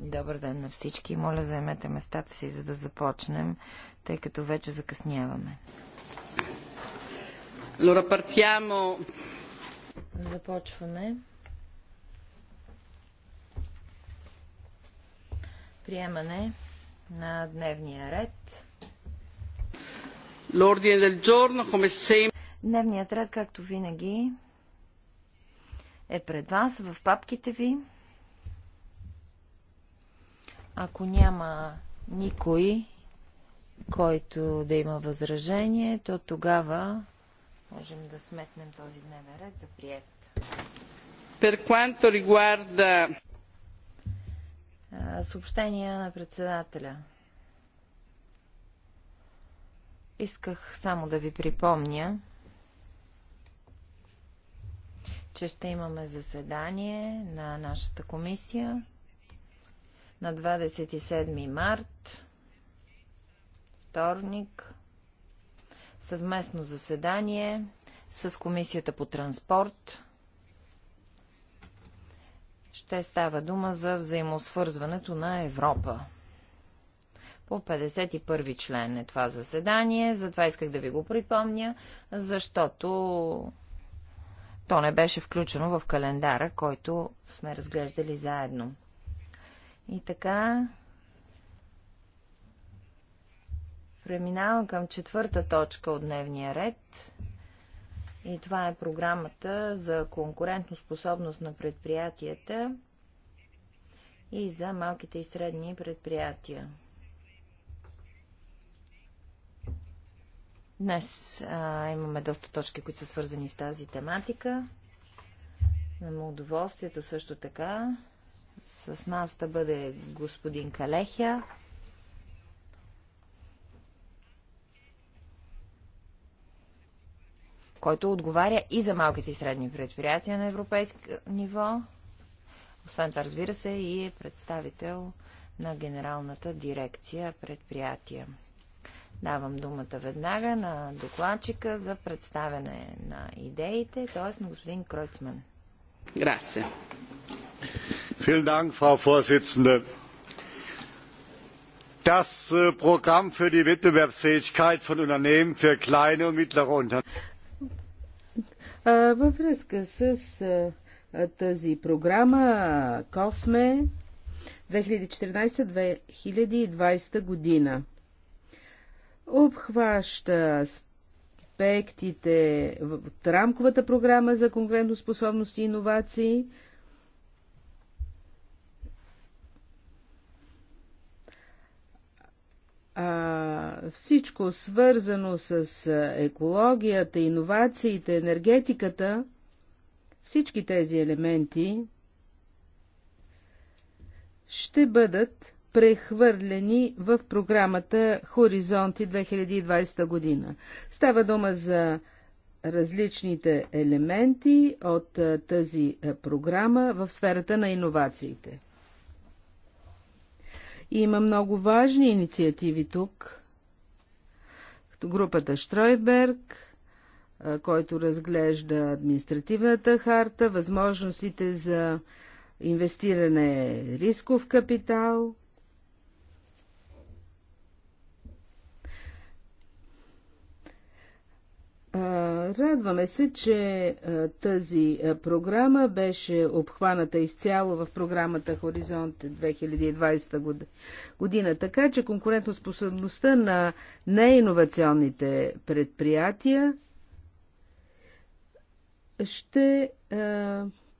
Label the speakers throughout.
Speaker 1: Добър ден на всички. Моля, заемете местата си, за да започнем, тъй като вече закъсняваме. Започваме. Приемане на дневния ред. Дневният ред, както винаги, е пред вас в папките ви. Ако няма никой, който да има възражение, то тогава можем да сметнем този дневен ред за прият. Per
Speaker 2: quanto riguarda...
Speaker 1: Съобщения на председателя. Исках само да ви припомня, че ще имаме заседание на нашата комисия на 27 март, вторник, съвместно заседание с Комисията по транспорт. Ще става дума за взаимосвързването на Европа. По 51 член е това заседание, затова исках да ви го припомня, защото то не беше включено в календара, който сме разглеждали заедно. И така, преминавам към четвърта точка от дневния ред. И това е програмата за конкурентоспособност на предприятията и за малките и средни предприятия. Днес а, имаме доста точки, които са свързани с тази тематика. Имаме удоволствието също така с нас да бъде господин Калехя. който отговаря и за малките и средни предприятия на европейско ниво. Освен това, разбира се, и е представител на Генералната дирекция предприятия. Давам думата веднага на докладчика за представяне на идеите, т.е. на господин Кройцман.
Speaker 2: Грация frau präsidentin! das programm für die wettbewerbsfähigkeit von unternehmen für kleine und mittlere unternehmen аспектите от рамковата програма за конкурентоспособност и иновации, а, всичко свързано с екологията, иновациите, енергетиката, всички тези елементи ще бъдат прехвърлени в програмата Хоризонти 2020 година. Става дума за различните елементи от тази програма в сферата на иновациите. И има много важни инициативи тук, като групата Штройберг, който разглежда административната харта, възможностите за инвестиране е рисков капитал – Радваме се, че тази програма беше обхваната изцяло в програмата Хоризонт 2020 година, така че конкурентоспособността на неиновационните предприятия ще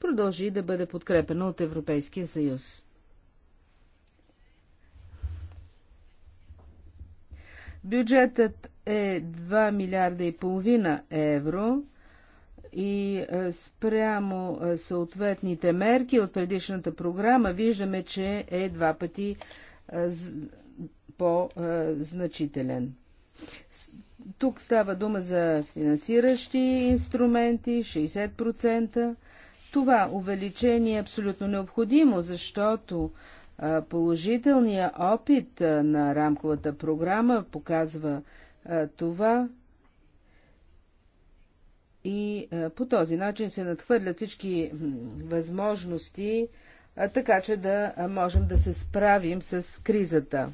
Speaker 2: продължи да бъде подкрепена от Европейския съюз. Бюджетът е 2 милиарда и половина евро и е, спрямо е, съответните мерки от предишната програма виждаме, че е два пъти е, по-значителен. Тук става дума за финансиращи инструменти 60%. Това увеличение е абсолютно необходимо, защото положителният опит на рамковата програма показва, това и по този начин се надхвърлят всички възможности, така че да можем да се справим с кризата.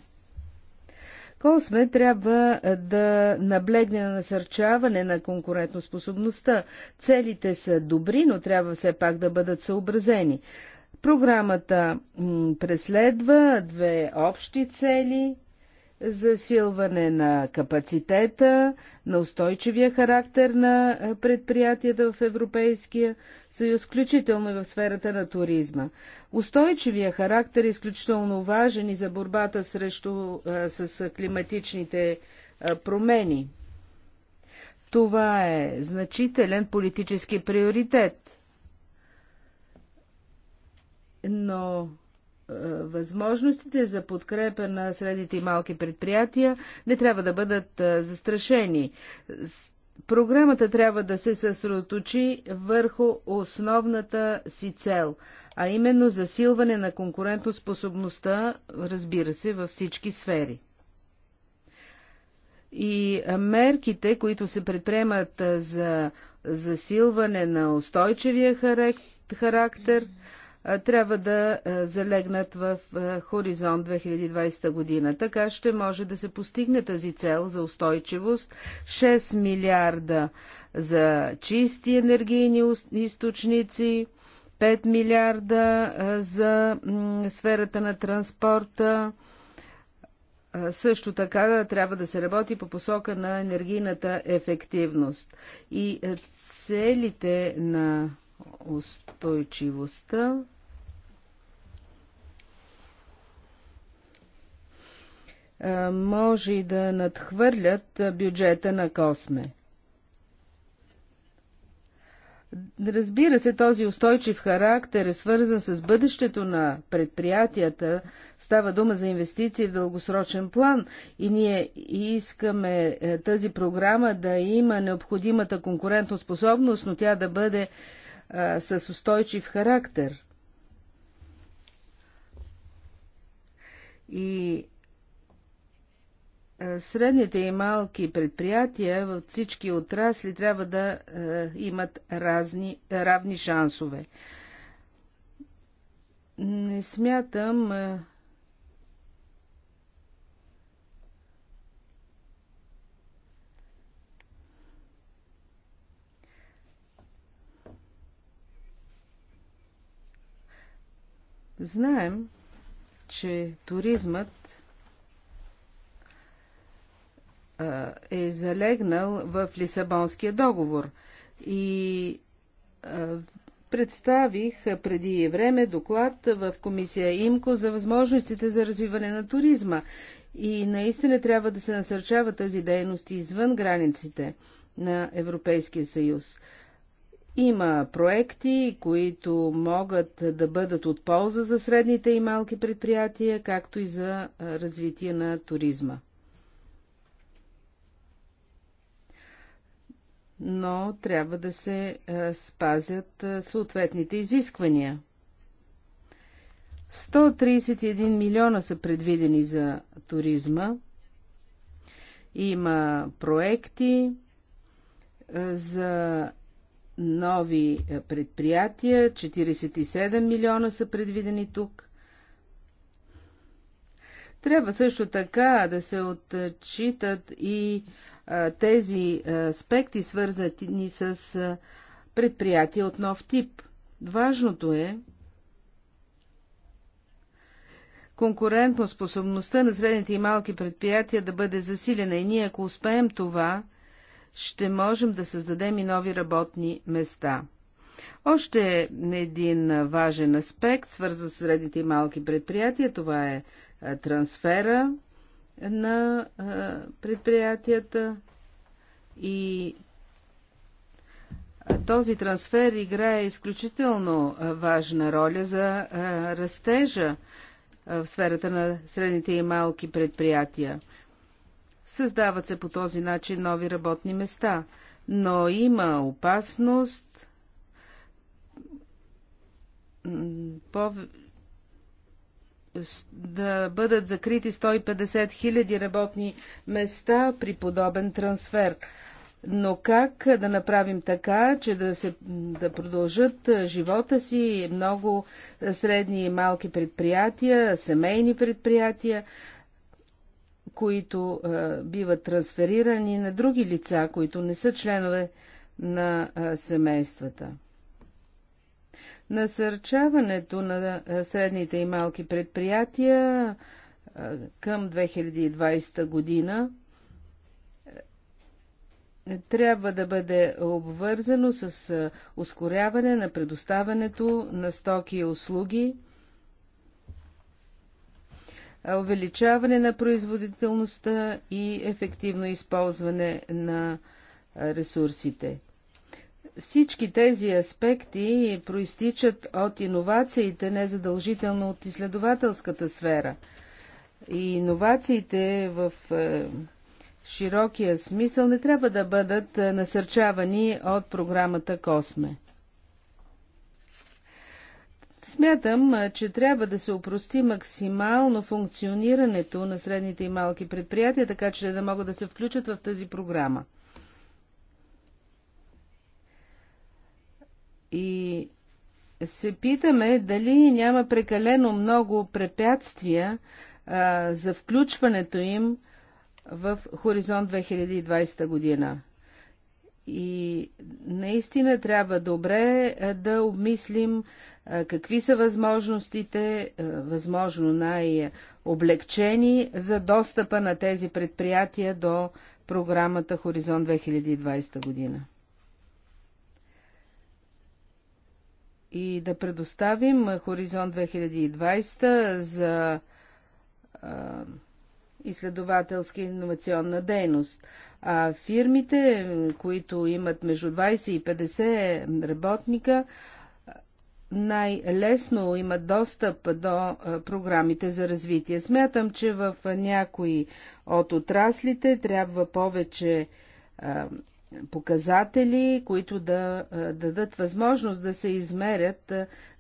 Speaker 2: Косме трябва да наблегне на насърчаване на конкурентоспособността. Целите са добри, но трябва все пак да бъдат съобразени. Програмата преследва две общи цели – засилване на капацитета, на устойчивия характер на предприятията в Европейския съюз, включително и в сферата на туризма. Устойчивия характер е изключително важен и за борбата срещу, а, с климатичните а, промени. Това е значителен политически приоритет. Но е, възможностите за подкрепа на средните и малки предприятия не трябва да бъдат е, застрашени. Програмата трябва да се съсредоточи върху основната си цел, а именно засилване на конкурентоспособността, разбира се, във всички сфери. И е, мерките, които се предприемат за засилване на устойчивия характер, трябва да залегнат в Хоризонт 2020 година. Така ще може да се постигне тази цел за устойчивост 6 милиарда за чисти енергийни източници, 5 милиарда за сферата на транспорта. Също така трябва да се работи по посока на енергийната ефективност. И целите на устойчивостта може да надхвърлят бюджета на Косме. Разбира се, този устойчив характер е свързан с бъдещето на предприятията. Става дума за инвестиции в дългосрочен план и ние искаме е, тази програма да има необходимата конкурентоспособност, но тя да бъде а, с устойчив характер. И е, средните и малки предприятия в всички отрасли трябва да е, имат разни, равни шансове. Не смятам, е, Знаем, че туризмът е залегнал в Лисабонския договор. И представих преди време доклад в комисия ИМКО за възможностите за развиване на туризма. И наистина трябва да се насърчава тази дейност извън границите на Европейския съюз. Има проекти, които могат да бъдат от полза за средните и малки предприятия, както и за развитие на туризма. но трябва да се е, спазят е, съответните изисквания. 131 милиона са предвидени за туризма. Има проекти е, за нови предприятия. 47 милиона са предвидени тук. Трябва също така да се отчитат и тези аспекти, свързани с предприятия от нов тип. Важното е конкурентно способността на средните и малки предприятия да бъде засилена и ние, ако успеем това, ще можем да създадем и нови работни места. Още един важен аспект, свързан с средните и малки предприятия, това е трансфера на предприятията и този трансфер играе изключително важна роля за растежа в сферата на средните и малки предприятия. Създават се по този начин нови работни места, но има опасност да бъдат закрити 150 хиляди работни места при подобен трансфер. Но как да направим така, че да, се, да продължат живота си много средни и малки предприятия, семейни предприятия, които а, биват трансферирани на други лица, които не са членове на а, семействата? Насърчаването на средните и малки предприятия към 2020 година е, трябва да бъде обвързано с ускоряване на предоставянето на стоки и услуги, увеличаване на производителността и ефективно използване на ресурсите. Всички тези аспекти проистичат от иновациите, не задължително от изследователската сфера. И иновациите в е, широкия смисъл не трябва да бъдат е, насърчавани от програмата Косме. Смятам, е, че трябва да се упрости максимално функционирането на средните и малки предприятия, така че да могат да се включат в тази програма. И се питаме дали няма прекалено много препятствия а, за включването им в Хоризонт 2020 година. И наистина трябва добре да обмислим какви са възможностите, възможно най-облегчени за достъпа на тези предприятия до програмата Хоризонт 2020 година. и да предоставим Хоризонт 2020 за а, изследователска и инновационна дейност. А фирмите, които имат между 20 и 50 работника, най-лесно имат достъп до програмите за развитие. Смятам, че в някои от отраслите трябва повече показатели, които да, дадат възможност да се измерят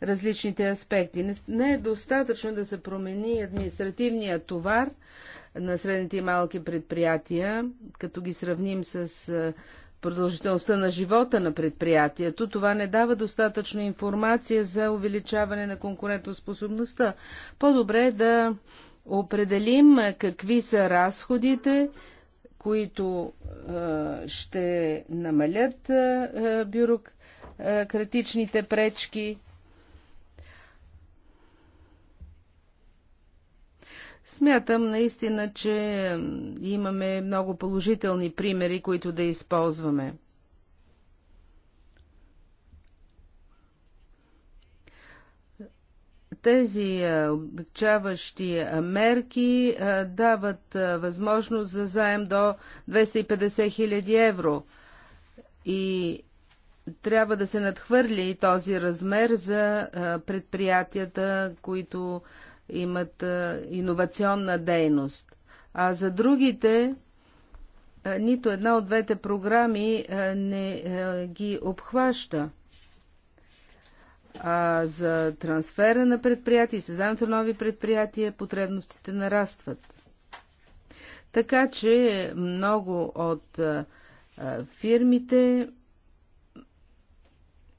Speaker 2: различните аспекти. Не е достатъчно да се промени административния товар на средните и малки предприятия, като ги сравним с продължителността на живота на предприятието, това не дава достатъчно информация за увеличаване на конкурентоспособността. По-добре е да определим какви са разходите, които е, ще намалят е, е, бюрократичните пречки. Смятам наистина, че имаме много положителни примери, които да използваме. Тези облегчаващи мерки дават възможност за заем до 250 000 евро и трябва да се надхвърли този размер за предприятията, които имат иновационна дейност. А за другите, нито една от двете програми не ги обхваща. А за трансфера на предприятия и създаването на нови предприятия потребностите нарастват. Така че много от фирмите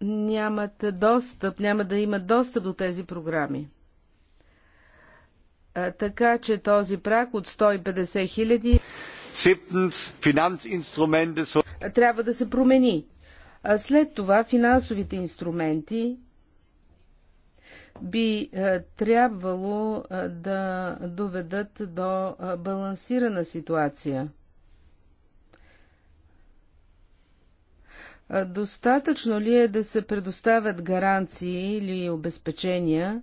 Speaker 2: нямат достъп, няма да имат достъп до тези програми. Така че този прак от 150 хиляди трябва да се промени. След това финансовите инструменти би е, трябвало е, да доведат до е, балансирана ситуация. Достатъчно ли е да се предоставят гаранции или обезпечения?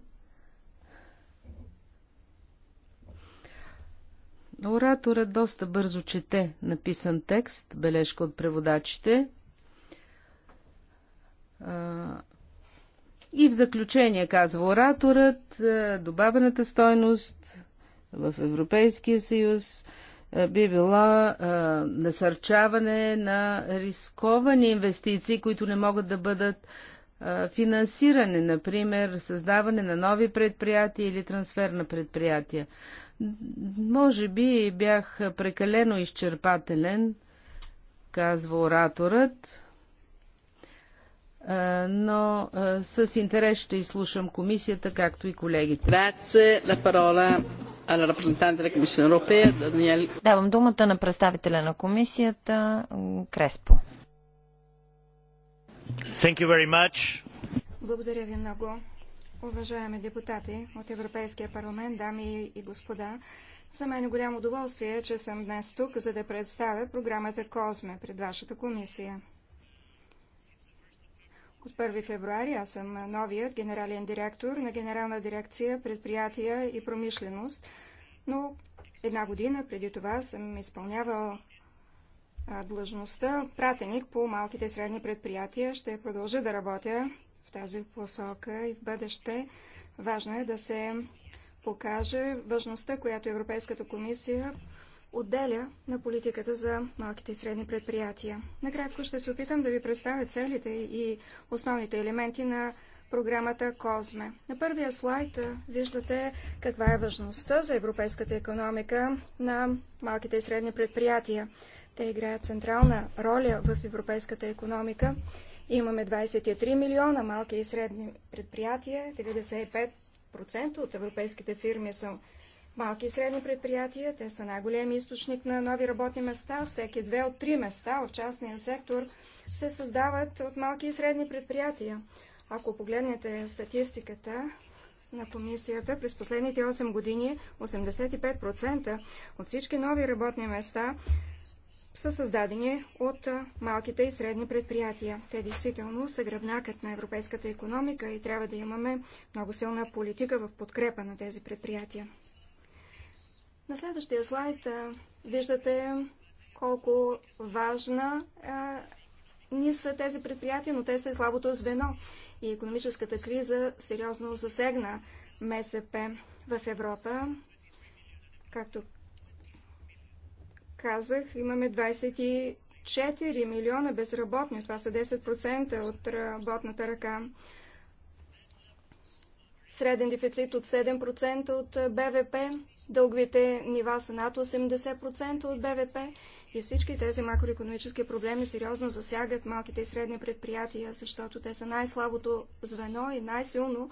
Speaker 2: Ораторът доста бързо чете написан текст, бележка от преводачите. И в заключение, казва ораторът, е, добавената стойност в Европейския съюз е, би била е, насърчаване на рисковани инвестиции, които не могат да бъдат финансиране, например, създаване на нови предприятия или трансфер на предприятия. Може би бях прекалено изчерпателен, казва ораторът но с интерес ще изслушам комисията, както и колегите. Давам думата на представителя на комисията
Speaker 1: Креспо.
Speaker 3: Благодаря ви много, уважаеми депутати от Европейския парламент, дами и господа. За мен е голямо удоволствие, че съм днес тук, за да представя програмата Козме пред вашата комисия. От 1 февруари аз съм новият генерален директор на Генерална дирекция предприятия и промишленост, но една година преди това съм изпълнявал длъжността пратеник по малките и средни предприятия. Ще продължа да работя в тази посока и в бъдеще. Важно е да се покаже важността, която Европейската комисия отделя на политиката за малките и средни предприятия. Накратко ще се опитам да ви представя целите и основните елементи на програмата Козме. На първия слайд виждате каква е важността за европейската економика на малките и средни предприятия. Те играят централна роля в европейската економика. Имаме 23 милиона малки и средни предприятия, 95% от европейските фирми са малки и средни предприятия. Те са най-големи източник на нови работни места. Всеки две от три места от частния сектор се създават от малки и средни предприятия. Ако погледнете статистиката на комисията, през последните 8 години 85% от всички нови работни места са създадени от малките и средни предприятия. Те действително са гръбнакът на европейската економика и трябва да имаме много силна политика в подкрепа на тези предприятия. На следващия слайд виждате колко важна ни са тези предприятия, но те са и слабото звено. И економическата криза сериозно засегна МСП в Европа. Както казах, имаме 24 милиона безработни. Това са 10% от работната ръка среден дефицит от 7% от БВП, дълговите нива са над 80% от БВП и всички тези макроекономически проблеми сериозно засягат малките и средни предприятия, защото те са най-слабото звено и най-силно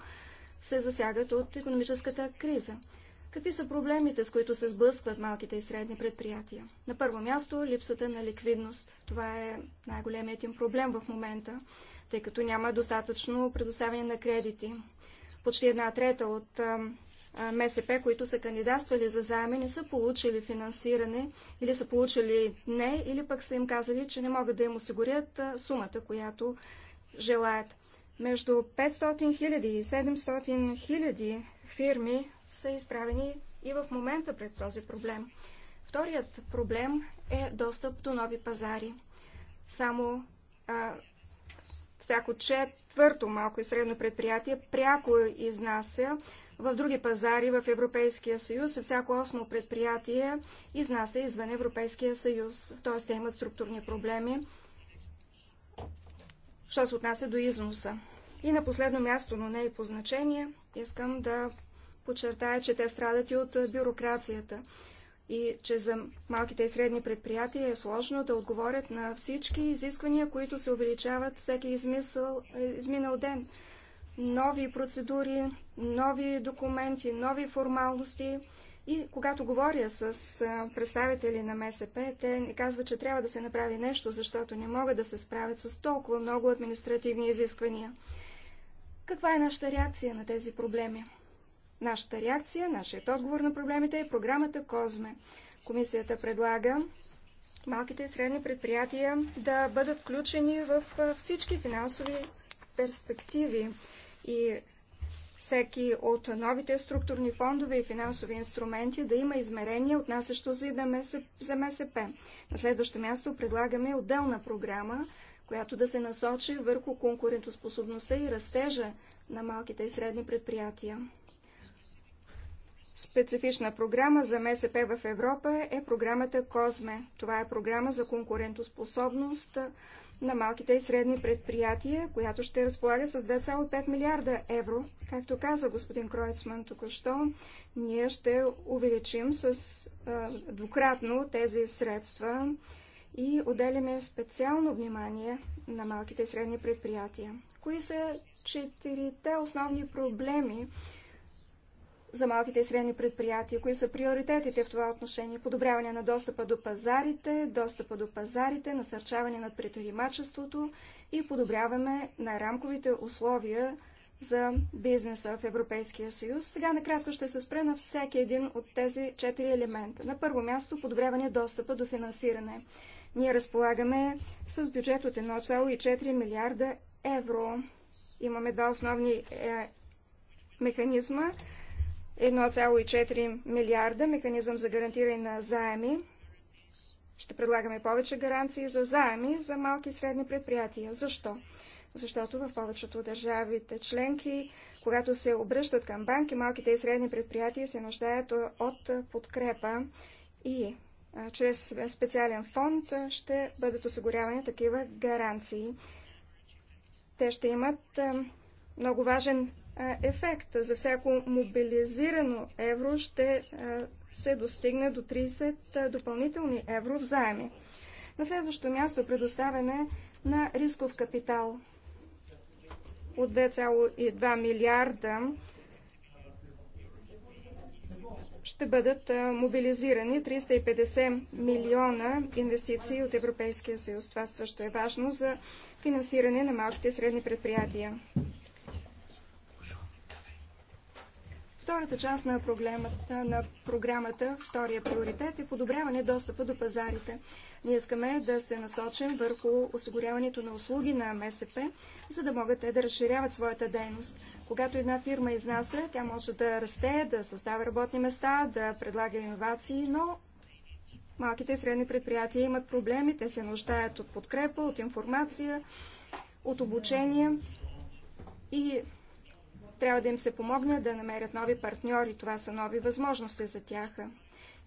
Speaker 3: се засягат от економическата криза. Какви са проблемите, с които се сблъскват малките и средни предприятия? На първо място липсата на ликвидност. Това е най-големият им проблем в момента, тъй като няма достатъчно предоставяне на кредити. Почти една трета от МСП, които са кандидатствали за заеми, не са получили финансиране или са получили не, или пък са им казали, че не могат да им осигурят сумата, която желаят. Между 500 000 и 700 000 фирми са изправени и в момента пред този проблем. Вторият проблем е достъп до нови пазари. Само Всяко четвърто малко и средно предприятие пряко изнася в други пазари в Европейския съюз, а всяко осмо предприятие изнася извън Европейския съюз, т.е. те имат структурни проблеми, що се отнася до износа. И на последно място, но не и по значение, искам да подчертая, че те страдат и от бюрокрацията и че за малките и средни предприятия е сложно да отговорят на всички изисквания, които се увеличават всеки измисъл, е, изминал ден. Нови процедури, нови документи, нови формалности. И когато говоря с представители на МСП, те ни казват, че трябва да се направи нещо, защото не могат да се справят с толкова много административни изисквания. Каква е нашата реакция на тези проблеми? Нашата реакция, нашият отговор на проблемите е програмата Козме. Комисията предлага малките и средни предприятия да бъдат включени в всички финансови перспективи и всеки от новите структурни фондове и финансови инструменти да има измерения отнасящо се за МСП. На следващо място предлагаме отделна програма, която да се насочи върху конкурентоспособността и растежа на малките и средни предприятия специфична програма за МСП в Европа е програмата КОЗМЕ. Това е програма за конкурентоспособност на малките и средни предприятия, която ще разполага с 2,5 милиарда евро. Както каза господин Кройцман току-що, ние ще увеличим с а, двукратно тези средства и отделяме специално внимание на малките и средни предприятия. Кои са четирите основни проблеми, за малките и средни предприятия? Кои са приоритетите в това отношение? Подобряване на достъпа до пазарите, достъпа до пазарите, насърчаване на предприемачеството и подобряваме на рамковите условия за бизнеса в Европейския съюз. Сега накратко ще се спре на всеки един от тези четири елемента. На първо място подобряване достъпа до финансиране. Ние разполагаме с бюджет от 1,4 милиарда евро. Имаме два основни е, механизма 1,4 милиарда механизъм за гарантиране на заеми. Ще предлагаме повече гаранции за заеми за малки и средни предприятия. Защо? Защото в повечето държавите членки, когато се обръщат към банки, малките и средни предприятия се нуждаят от подкрепа и чрез специален фонд ще бъдат осигурявани такива гаранции. Те ще имат много важен ефект. За всяко мобилизирано евро ще се достигне до 30 допълнителни евро в заеми. На следващо място предоставяне на рисков капитал от 2,2 милиарда ще бъдат мобилизирани 350 милиона инвестиции от Европейския съюз. Това също е важно за финансиране на малките и средни предприятия. Втората част на програмата, на програмата, втория приоритет е подобряване достъпа до пазарите. Ние искаме да се насочим върху осигуряването на услуги на МСП, за да могат те да разширяват своята дейност. Когато една фирма изнася, тя може да расте, да създава работни места, да предлага иновации, но малките и средни предприятия имат проблеми, те се нуждаят от подкрепа, от информация, от обучение и трябва да им се помогне да намерят нови партньори. Това са нови възможности за тях.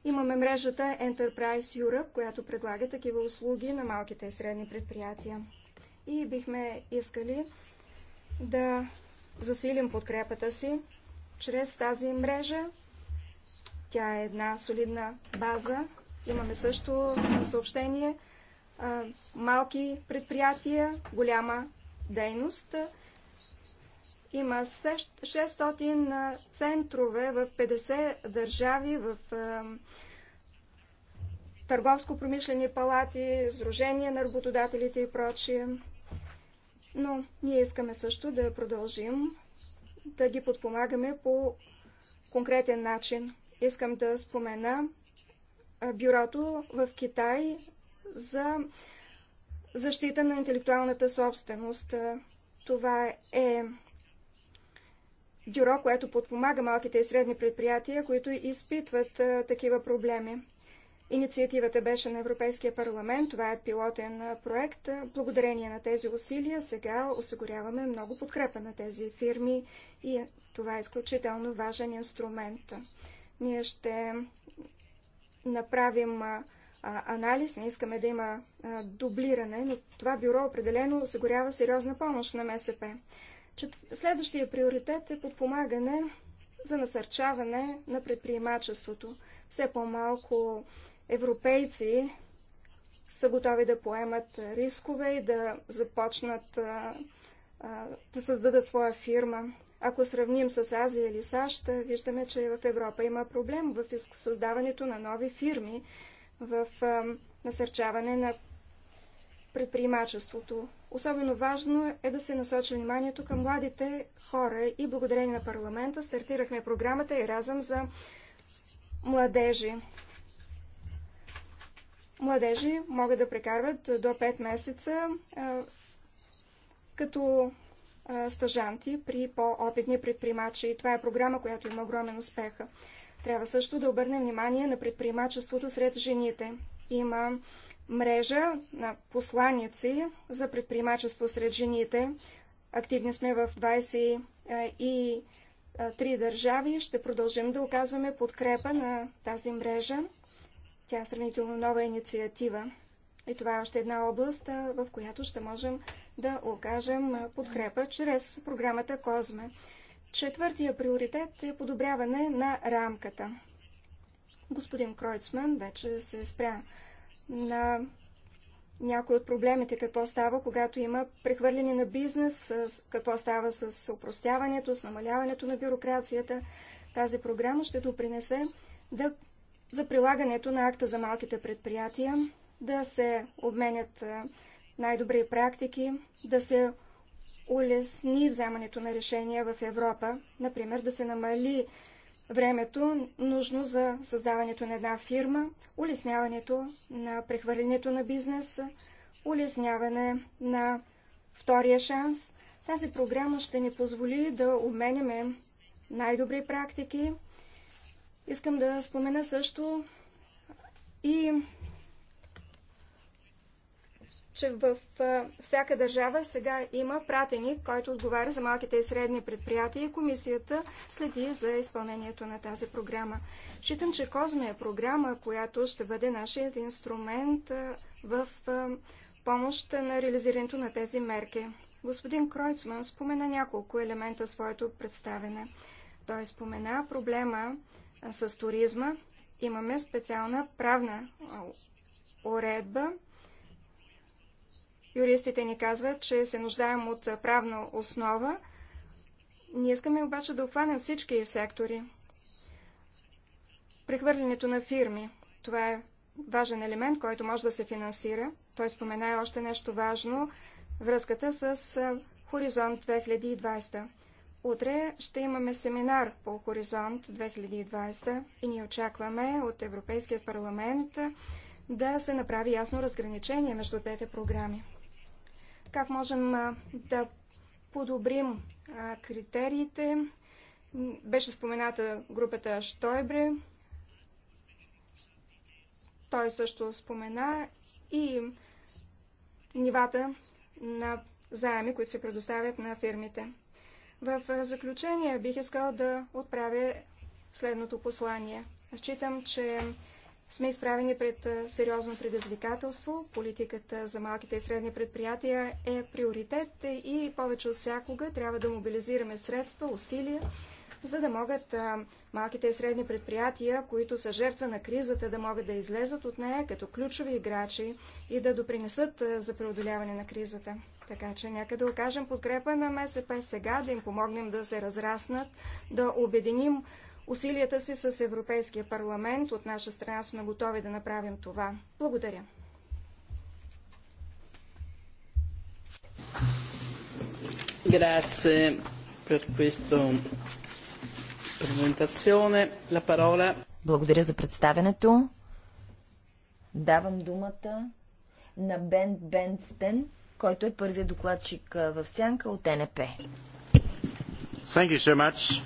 Speaker 3: Имаме мрежата Enterprise Europe, която предлага такива услуги на малките и средни предприятия. И бихме искали да засилим подкрепата си чрез тази мрежа. Тя е една солидна база. Имаме също съобщение малки предприятия, голяма дейност – има 600 центрове в 50 държави, в търговско-промишлени палати, сдружения на работодателите и прочие. Но ние искаме също да продължим да ги подпомагаме по конкретен начин. Искам да спомена бюрото в Китай за защита на интелектуалната собственост. Това е бюро, което подпомага малките и средни предприятия, които изпитват а, такива проблеми. Инициативата беше на Европейския парламент. Това е пилотен проект. Благодарение на тези усилия сега осигуряваме много подкрепа на тези фирми и това е изключително важен инструмент. Ние ще направим анализ, не искаме да има дублиране, но това бюро определено осигурява сериозна помощ на МСП. Следващия приоритет е подпомагане за насърчаване на предприемачеството. Все по-малко европейци са готови да поемат рискове и да започнат да създадат своя фирма. Ако сравним с Азия или САЩ, виждаме, че в Европа има проблем в създаването на нови фирми, в насърчаване на предприемачеството. Особено важно е да се насочи вниманието към младите хора и благодарение на парламента стартирахме програмата разъм за младежи. Младежи могат да прекарват до 5 месеца като стажанти при по-опитни предприемачи. Това е програма, която има огромен успех. Трябва също да обърнем внимание на предприемачеството сред жените. Има мрежа на посланици за предприемачество сред жените. Активни сме в 20 и три държави. Ще продължим да оказваме подкрепа на тази мрежа. Тя е сравнително нова инициатива. И това е още една област, в която ще можем да окажем подкрепа чрез програмата Козме. Четвъртия приоритет е подобряване на рамката. Господин Кройцман вече се спря на някои от проблемите, какво става, когато има прехвърляне на бизнес, какво става с упростяването, с намаляването на бюрокрацията. Тази програма ще допринесе да, за прилагането на акта за малките предприятия, да се обменят най-добри практики, да се улесни вземането на решения в Европа, например да се намали времето, нужно за създаването на една фирма, улесняването на прехвърлянето на бизнес, улесняване на втория шанс. Тази програма ще ни позволи да обменяме най-добри практики. Искам да спомена също и че в всяка държава сега има пратеник, който отговаря за малките и средни предприятия и комисията следи за изпълнението на тази програма. Считам, че Козме е програма, която ще бъде нашият инструмент в помощ на реализирането на тези мерки. Господин Кройцман спомена няколко елемента в своето представене. Той спомена проблема с туризма. Имаме специална правна уредба, Юристите ни казват, че се нуждаем от правна основа. Ние искаме обаче да обхванем всички сектори. Прехвърлянето на фирми. Това е важен елемент, който може да се финансира. Той спомена и още нещо важно връзката с Хоризонт 2020. Утре ще имаме семинар по Хоризонт 2020 и ние очакваме от Европейският парламент да се направи ясно разграничение между двете програми как можем да подобрим критериите. Беше спомената групата Штойбре. Той също спомена и нивата на заеми, които се предоставят на фирмите. В заключение бих искал да отправя следното послание. Считам, че сме изправени пред сериозно предизвикателство. Политиката за малките и средни предприятия е приоритет и повече от всякога трябва да мобилизираме средства, усилия, за да могат малките и средни предприятия, които са жертва на кризата, да могат да излезат от нея като ключови играчи и да допринесат за преодоляване на кризата. Така че нека да окажем подкрепа на МСП сега, да им помогнем да се разраснат, да обединим усилията си с Европейския парламент. От наша страна сме готови да направим това. Благодаря.
Speaker 2: Grazie per questa presentazione. La parola... Благодаря
Speaker 1: за представенето. Давам думата на Бен Бенстен, който е първият докладчик в Сянка от НП.
Speaker 3: Thank you so much.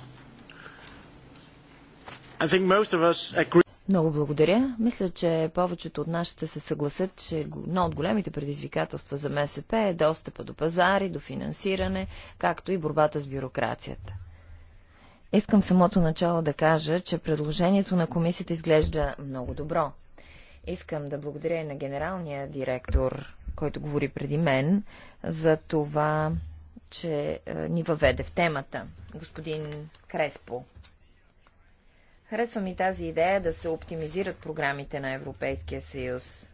Speaker 1: Много благодаря. Мисля, че повечето от нашите се съгласят, че едно от големите предизвикателства за МСП е достъпа до пазари, до финансиране, както и борбата с бюрокрацията. Искам самото начало да кажа, че предложението на комисията изглежда много добро. Искам да благодаря и на генералния директор, който говори преди мен, за това, че е, ни въведе в темата. Господин Креспо харесва ми тази идея да се оптимизират програмите на Европейския съюз.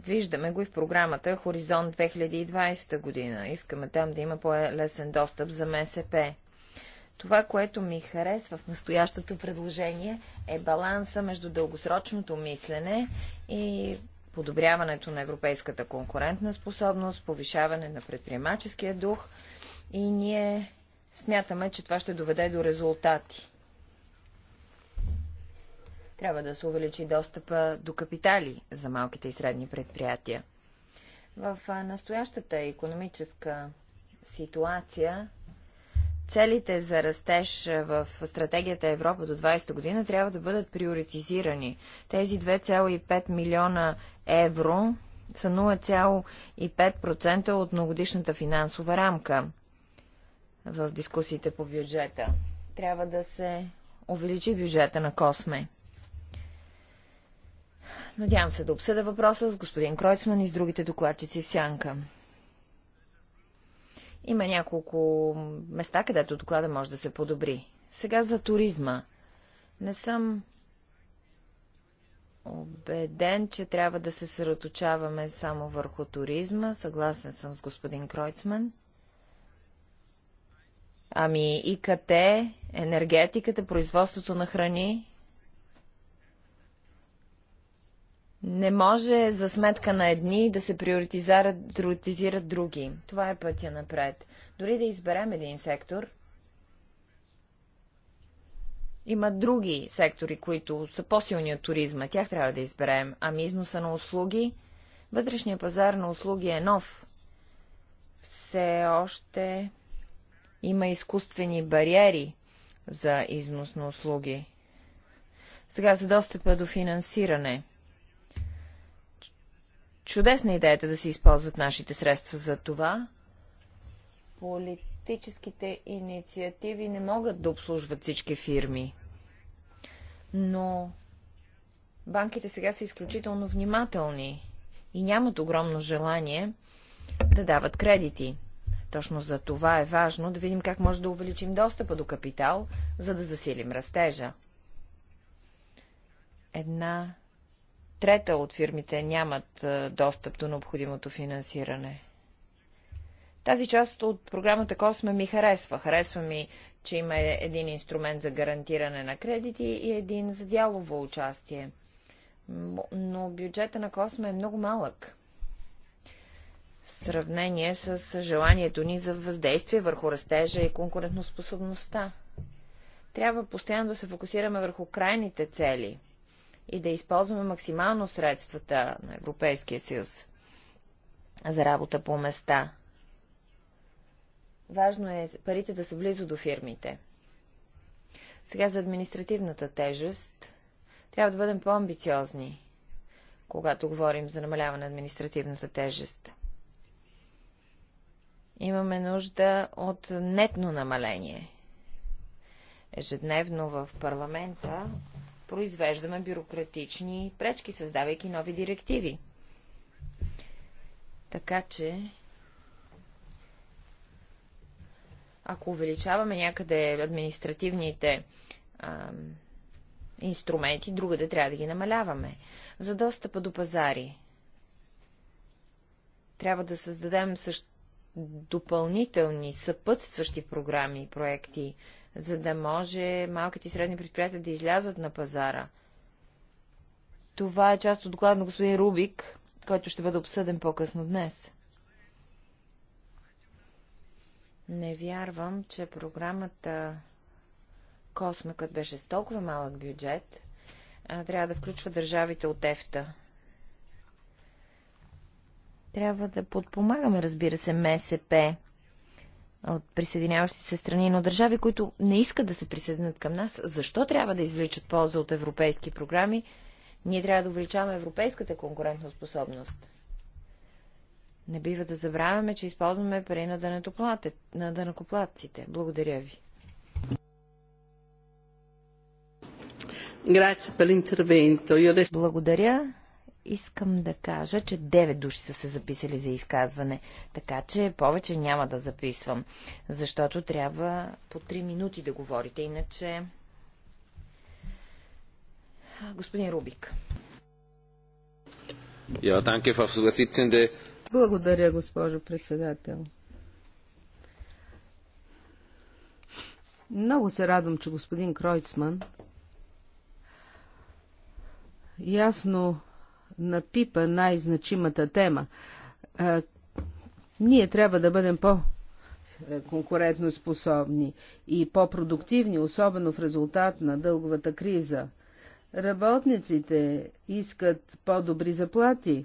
Speaker 1: Виждаме го и в програмата Хоризонт 2020 година. Искаме там да има по-лесен достъп за МСП. Това, което ми харесва в настоящото предложение, е баланса между дългосрочното мислене и подобряването на европейската конкурентна способност, повишаване на предприемаческия дух и ние Смятаме, че това ще доведе до резултати. Трябва да се увеличи достъпа до капитали за малките и средни предприятия. В настоящата економическа ситуация целите за растеж в стратегията Европа до 20 година трябва да бъдат приоритизирани. Тези 2,5 милиона евро са 0,5% от многодишната финансова рамка в дискусиите по бюджета. Трябва да се увеличи бюджета на Косме. Надявам се да обсъда въпроса с господин Кройцман и с другите докладчици в Сянка. Има няколко места, където доклада може да се подобри. Сега за туризма. Не съм убеден, че трябва да се съръточаваме само върху туризма. Съгласен съм с господин Кройцман. Ами ИКТ, енергетиката, производството на храни. Не може за сметка на едни да се приоритизират, приоритизират други. Това е пътя напред. Дори да изберем един сектор, има други сектори, които са по-силни от туризма. Тях трябва да изберем. Ами износа на услуги? Вътрешния пазар на услуги е нов. Все още има изкуствени бариери за износ на услуги. Сега за достъпа до финансиране. Чудесна идеята да се използват нашите средства за това. Политическите инициативи не могат да обслужват всички фирми. Но банките сега са изключително внимателни и нямат огромно желание да дават кредити. Точно за това е важно да видим как може да увеличим достъпа до капитал, за да засилим растежа. Една трета от фирмите нямат е, достъп до необходимото финансиране. Тази част от програмата Косме ми харесва. Харесва ми, че има е, един инструмент за гарантиране на кредити и един за дялово участие. Но бюджета на Косме е много малък в сравнение с желанието ни за въздействие върху растежа и конкурентоспособността. Трябва постоянно да се фокусираме върху крайните цели и да използваме максимално средствата на Европейския съюз за работа по места. Важно е парите да са близо до фирмите. Сега за административната тежест трябва да бъдем по-амбициозни, когато говорим за намаляване на административната тежест. Имаме нужда от нетно намаление. Ежедневно в парламента произвеждаме бюрократични пречки, създавайки нови директиви. Така че, ако увеличаваме някъде административните а, инструменти, другаде трябва да ги намаляваме. За достъпа до пазари. Трябва да създадем също допълнителни, съпътстващи програми и проекти, за да може малките и средни предприятия да излязат на пазара. Това е част от доклада на господин Рубик, който ще бъде обсъден по-късно днес. Не вярвам, че програмата Космикът беше с толкова малък бюджет, трябва да включва държавите от ЕФТА. Трябва да подпомагаме, разбира се, МСП от присъединяващи се страни, но държави, които не искат да се присъединят към нас, защо трябва да извличат полза от европейски програми? Ние трябва да увеличаваме европейската способност. Не бива да забравяме, че използваме пари на, на Благодаря ви. Благодаря искам да кажа, че 9 души са се записали за изказване, така че повече няма да записвам, защото трябва по 3 минути да говорите, иначе...
Speaker 2: Господин Рубик. Благодаря, госпожо председател. Много се радвам, че господин Кройцман ясно напипа най-значимата тема. А, ние трябва да бъдем по- конкурентно способни и по-продуктивни, особено в резултат на дълговата криза. Работниците искат по-добри заплати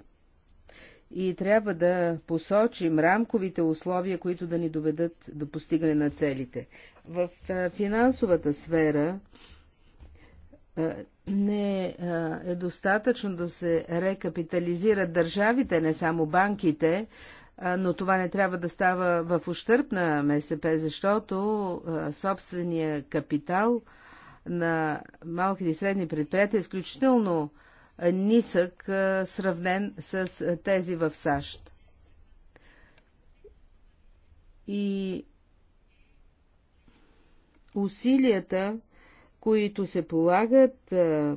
Speaker 2: и трябва да посочим рамковите условия, които да ни доведат до постигане на целите. В финансовата сфера е, не е, е достатъчно да се рекапитализират държавите, не само банките, е, но това не трябва да става в ущърп на МСП, защото собствения капитал на малките и средни предприятия е изключително нисък, сравнен с тези в САЩ. И усилията които се полагат а,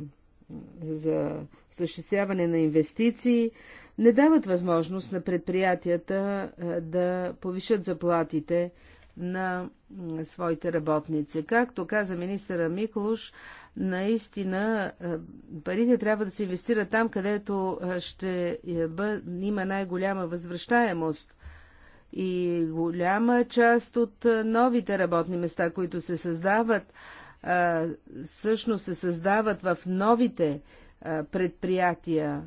Speaker 2: за осъществяване на инвестиции, не дават възможност на предприятията а, да повишат заплатите на своите работници. Както каза министъра Миклуш, наистина парите трябва да се инвестират там, където ще е, бъ... има най-голяма възвръщаемост. И голяма част от новите работни места, които се създават, всъщност се създават в новите предприятия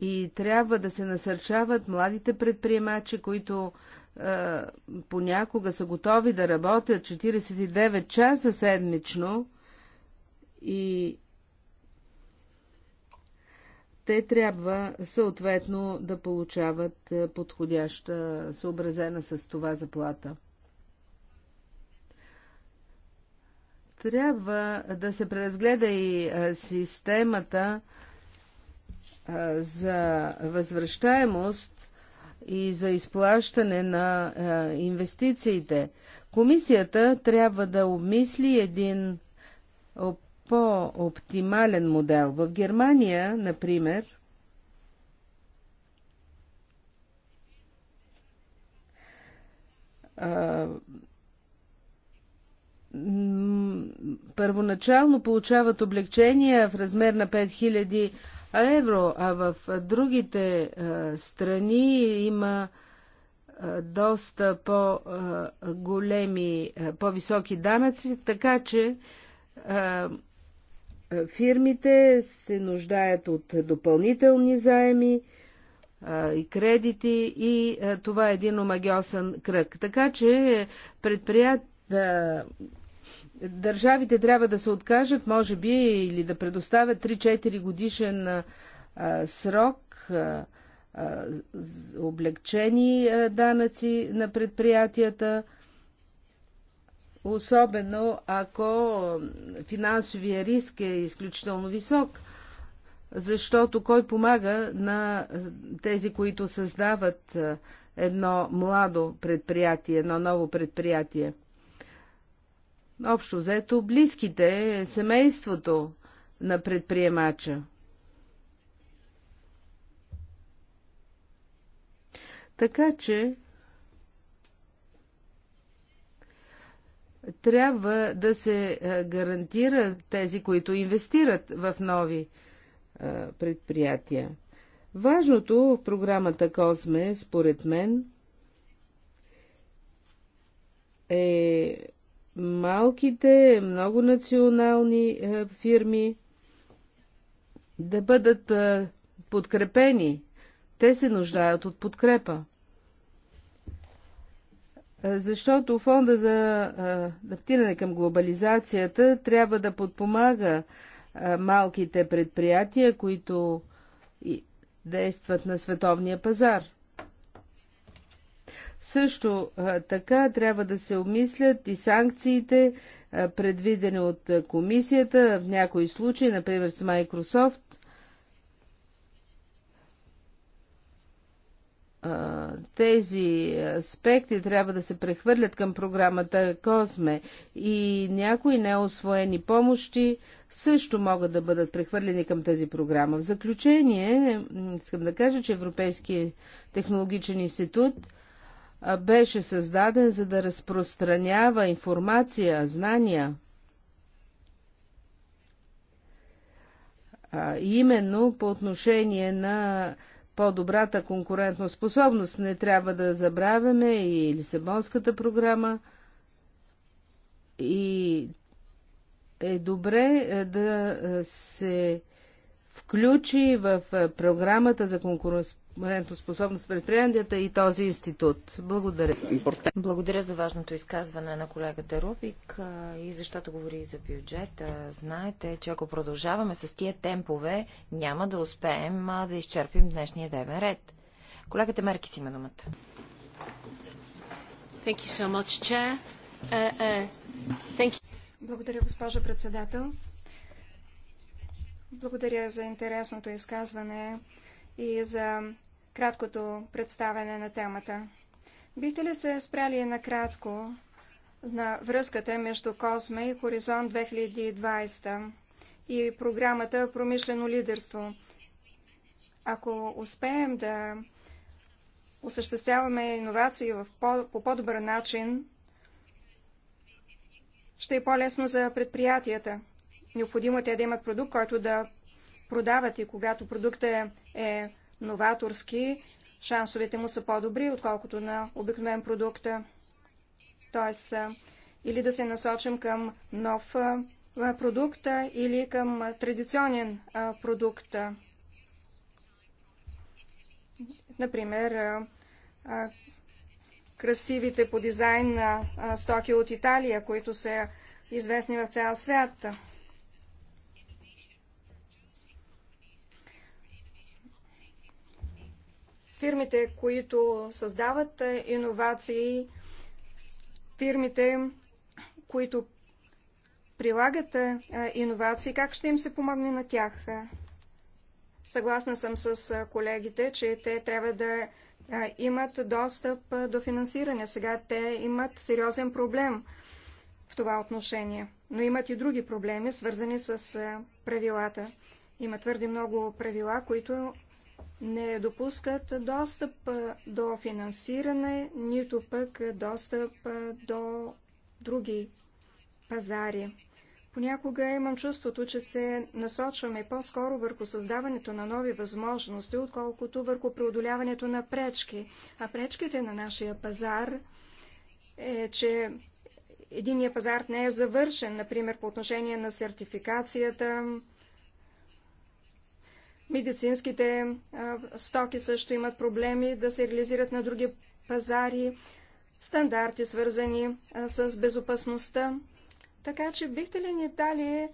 Speaker 2: и трябва да се насърчават младите предприемачи, които понякога са готови да работят 49 часа седмично и те трябва съответно да получават подходяща, съобразена с това заплата. Трябва да се преразгледа и системата за възвръщаемост и за изплащане на инвестициите. Комисията трябва да обмисли един по-оптимален модел. В Германия, например, първоначално получават облегчения в размер на 5000 евро, а в другите страни има доста по-големи, по-високи данъци, така че фирмите се нуждаят от допълнителни заеми и кредити и това е един омагиосен кръг. Така че предприятия държавите трябва да се откажат, може би, или да предоставят 3-4 годишен а, срок, а, а, облегчени а, данъци на предприятията, особено ако финансовия риск е изключително висок, защото кой помага на тези, които създават едно младо предприятие, едно ново предприятие – общо взето близките, семейството на предприемача. Така че трябва да се е, гарантира тези, които инвестират в нови е, предприятия. Важното в програмата Козме, според мен, е малките, много национални е, фирми да бъдат е, подкрепени. Те се нуждаят от подкрепа. Е, защото фонда за адаптиране към глобализацията трябва да подпомага малките предприятия, които действат на световния пазар. Също така трябва да се обмислят и санкциите, предвидени от комисията, в някои случаи, например с Microsoft. Тези аспекти трябва да се прехвърлят към програмата КосМЕ и някои неосвоени помощи също могат да бъдат прехвърлени към тази програма. В заключение, искам да кажа, че Европейския технологичен институт – беше създаден за да разпространява информация, знания. А, именно по отношение на по-добрата способност. не трябва да забравяме и Лисабонската програма. И е добре е, да е, се включи в е, програмата за конкурентоспособност способност предприятията и този институт. Благодаря. Благодаря за
Speaker 1: важното изказване на колегата Рубик и защото говори и за бюджет. Знаете, че ако продължаваме с тия темпове, няма да успеем да изчерпим днешния дневен ред. Колегата Мерки си има думата.
Speaker 3: So much, uh, uh, Благодаря, госпожа председател. Благодаря за интересното изказване и за краткото представяне на темата. Бихте ли се спряли накратко на връзката между Косме и Хоризонт 2020 и програмата Промишлено лидерство? Ако успеем да осъществяваме иновации по, по по-добър начин, ще е по-лесно за предприятията. Необходимо е те да имат продукт, който да продават и когато продуктът е новаторски, шансовете му са по-добри, отколкото на обикновен продукт. Тоест, или да се насочим към нов продукт или към традиционен продукт. Например, красивите по дизайн на стоки от Италия, които са известни в цял свят. фирмите, които създават е, иновации, фирмите, които прилагат е, е, иновации, как ще им се помогне на тях? Съгласна съм с колегите, че те трябва да имат достъп до финансиране. Сега те имат сериозен проблем в това отношение, но имат и други проблеми, свързани с правилата. Има твърде много правила, които не допускат достъп до финансиране, нито пък достъп до други пазари. Понякога имам чувството, че се насочваме по-скоро върху създаването на нови възможности, отколкото върху преодоляването на пречки. А пречките на нашия пазар е, че единия пазар не е завършен, например, по отношение на сертификацията, Медицинските а, стоки също имат проблеми да се реализират на други пазари, стандарти свързани а, с безопасността. Така че бихте ли ни дали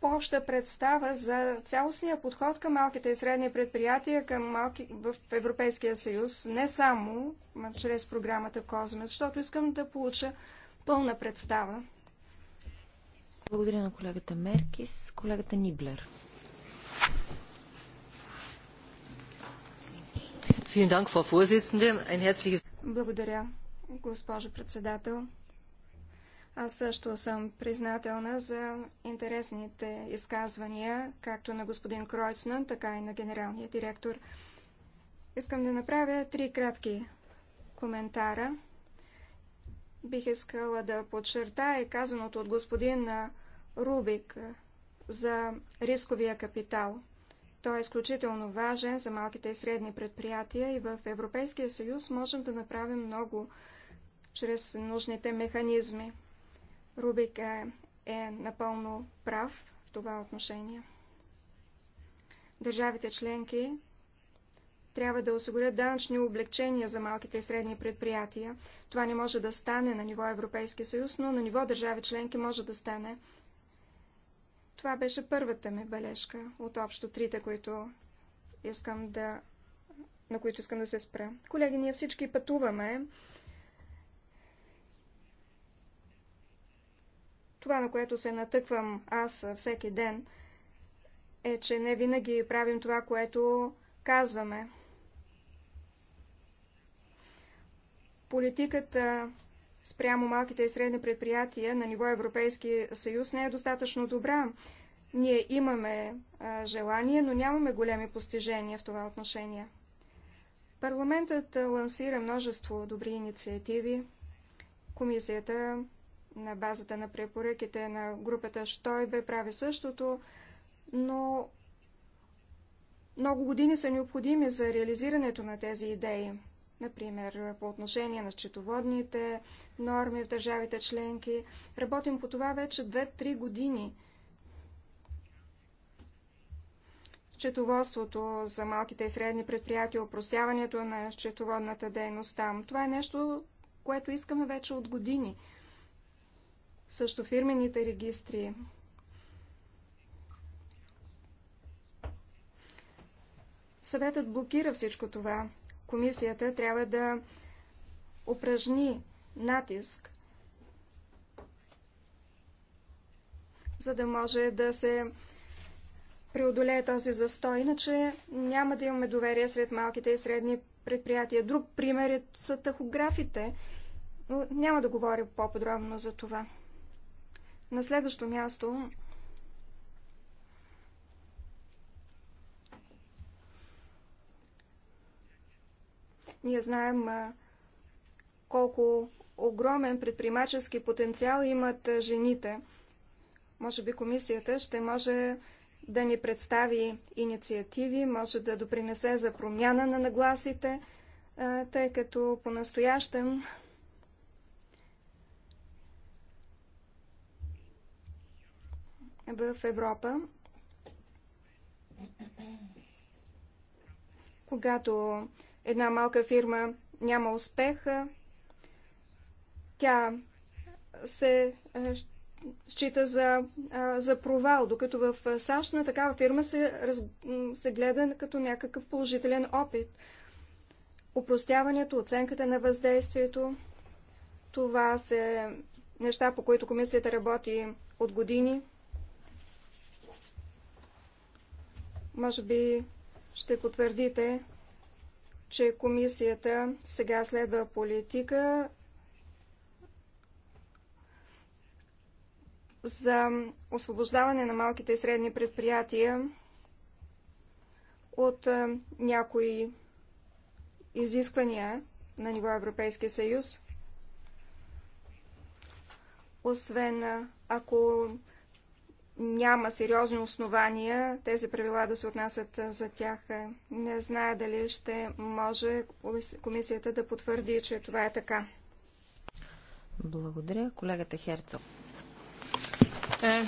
Speaker 3: по-обща представа за цялостния подход към малките и средни предприятия към малки... в Европейския съюз, не само чрез програмата Козме, защото искам да получа пълна представа.
Speaker 1: Благодаря на колегата Меркис, колегата Ниблер.
Speaker 3: Благодаря, госпожо председател. Аз също съм признателна за интересните изказвания, както на господин Кройцнан, така и на генералния директор. Искам да направя три кратки коментара. Бих искала да подчертая казаното от господин Рубик за рисковия капитал – той е изключително важен за малките и средни предприятия и в Европейския съюз можем да направим много чрез нужните механизми. Рубик е, е напълно прав в това отношение. Държавите членки трябва да осигурят данъчни облегчения за малките и средни предприятия. Това не може да стане на ниво Европейски съюз, но на ниво държави членки може да стане. Това беше първата ми бележка от общо трите, които искам да, на които искам да се спра. Колеги, ние всички пътуваме. Това, на което се натъквам аз всеки ден, е, че не винаги правим това, което казваме. Политиката спрямо малките и средни предприятия на ниво Европейски съюз не е достатъчно добра. Ние имаме желание, но нямаме големи постижения в това отношение. Парламентът лансира множество добри инициативи. Комисията на базата на препоръките на групата Штойбе прави същото, но много години са необходими за реализирането на тези идеи например по отношение на счетоводните норми в държавите членки. Работим по това вече 2-3 години. Счетоводството за малките и средни предприятия, опростяването на счетоводната дейност там. Това е нещо, което искаме вече от години. Също фирмените регистри. Съветът блокира всичко това комисията трябва да упражни натиск, за да може да се преодолее този застой, иначе няма да имаме доверие сред малките и средни предприятия. Друг пример е са тахографите, но няма да говоря по-подробно за това. На следващо място Ние знаем колко огромен предприемачески потенциал имат жените. Може би комисията ще може да ни представи инициативи, може да допринесе за промяна на нагласите, тъй като по-настоящем в Европа, когато една малка фирма няма успеха, тя се счита за, за провал, докато в САЩ на такава фирма се, раз, се гледа като някакъв положителен опит. Опростяването, оценката на въздействието, това са неща, по които комисията работи от години. Може би ще потвърдите, че комисията сега следва политика за освобождаване на малките и средни предприятия от някои изисквания на ниво Европейския съюз, освен ако няма сериозни основания тези правила да се отнасят за тях. Не зная дали ще може комисията да потвърди, че това е така.
Speaker 1: Благодаря. Колегата Херцог. Е,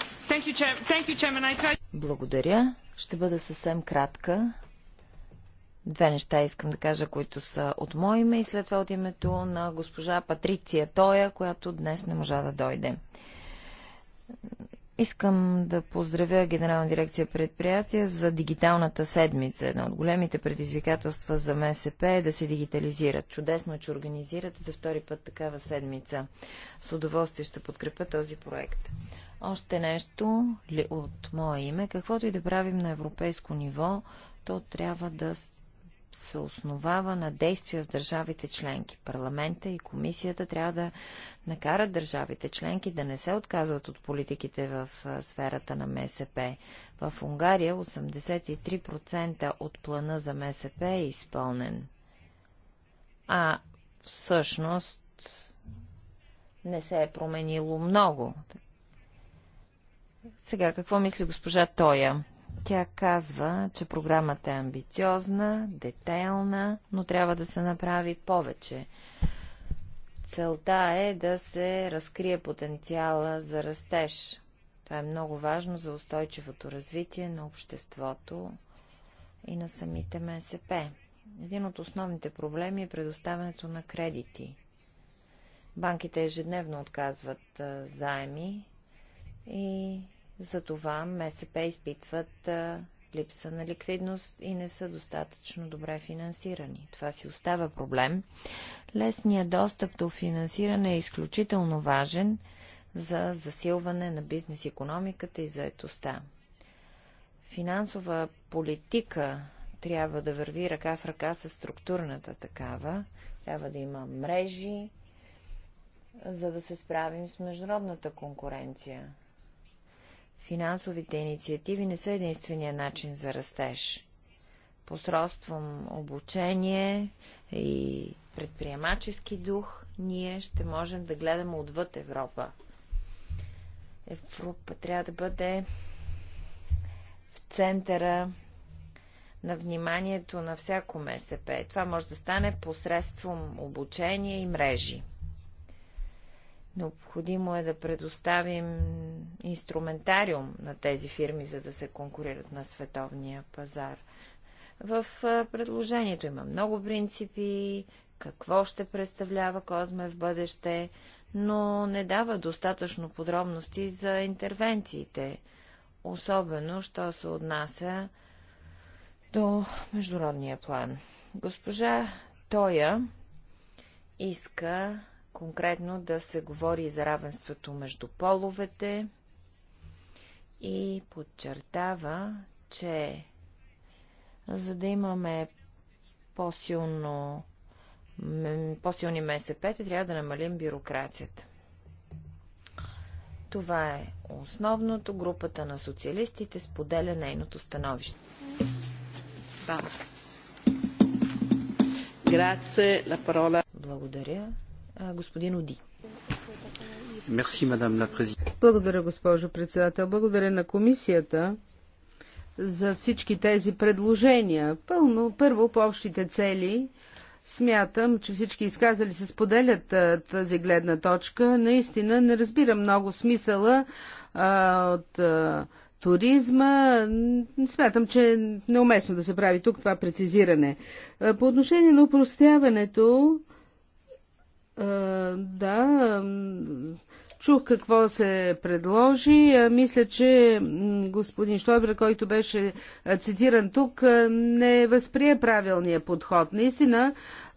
Speaker 1: Благодаря. Ще бъда съвсем кратка. Две неща искам да кажа, които са от мое име и след това от името на госпожа Патриция Тоя, която днес не можа да дойде. Искам да поздравя Генерална дирекция предприятия за дигиталната седмица. Едно от големите предизвикателства за МСП е да се дигитализират. Чудесно е, че организирате за втори път такава седмица. С удоволствие ще подкрепя този проект. Още нещо от мое име. Каквото и да правим на европейско ниво, то трябва да се основава на действия в държавите членки. Парламента и комисията трябва да накарат държавите членки да не се отказват от политиките в сферата на МСП. В Унгария 83% от плана за МСП е изпълнен. А всъщност не се е променило много. Сега, какво мисли госпожа Тоя? Тя казва, че програмата е амбициозна, детайлна, но трябва да се направи повече. Целта е да се разкрие потенциала за растеж. Това е много важно за устойчивото развитие на обществото и на самите МСП. Един от основните проблеми е предоставянето на кредити. Банките ежедневно отказват заеми и затова МСП изпитват липса на ликвидност и не са достатъчно добре финансирани. Това си остава проблем. Лесният достъп до финансиране е изключително важен за засилване на бизнес економиката и заетостта. Финансова политика трябва да върви ръка в ръка с структурната такава. Трябва да има мрежи, за да се справим с международната конкуренция. Финансовите инициативи не са единствения начин за растеж. Посредством обучение и предприемачески дух ние ще можем да гледаме отвъд Европа. Европа трябва да бъде в центъра на вниманието на всяко МСП. Това може да стане посредством обучение и мрежи. Необходимо е да предоставим инструментариум на тези фирми, за да се конкурират на световния пазар. В предложението има много принципи, какво ще представлява Козме в бъдеще, но не дава достатъчно подробности за интервенциите, особено, що се отнася до международния план. Госпожа Тоя иска конкретно да се говори за равенството между половете и подчертава, че за да имаме по-силно по-силни МСП, трябва да намалим бюрокрацията. Това е основното. Групата на социалистите споделя нейното становище.
Speaker 2: Благодаря господин Оди. Благодаря, госпожо председател. Благодаря на комисията за всички тези предложения. Пълно, първо по общите цели. Смятам, че всички изказали се споделят тази гледна точка. Наистина не разбира много смисъла а, от а, туризма. Смятам, че е неуместно да се прави тук това прецизиране. По отношение на упростяването, да, чух какво се предложи. Мисля, че господин Штойбер, който беше цитиран тук, не възприе правилния подход. Наистина,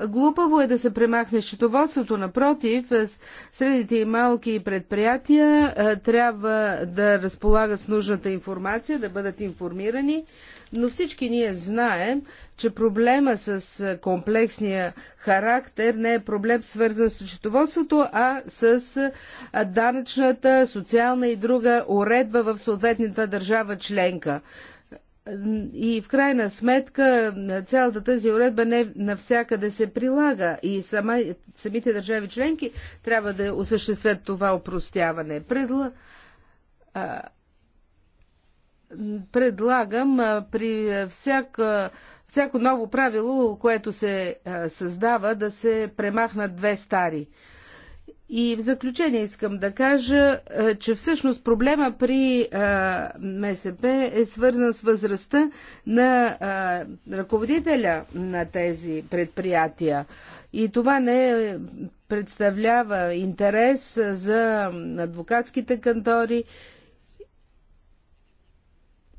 Speaker 2: глупаво е да се премахне счетоводството. Напротив, средните и малки предприятия трябва да разполагат с нужната информация, да бъдат информирани но всички ние знаем, че проблема с комплексния характер не е проблем свързан с счетоводството, а с данъчната, социална и друга уредба в съответната държава членка. И в крайна сметка цялата тази уредба не навсякъде се прилага и сама, самите държави членки трябва да осъществят това опростяване. Предла, предлагам при всяка, всяко ново правило, което се създава, да се премахнат две стари. И в заключение искам да кажа, че всъщност проблема при МСП е свързан с възрастта на ръководителя на тези предприятия. И това не представлява интерес за адвокатските кантори,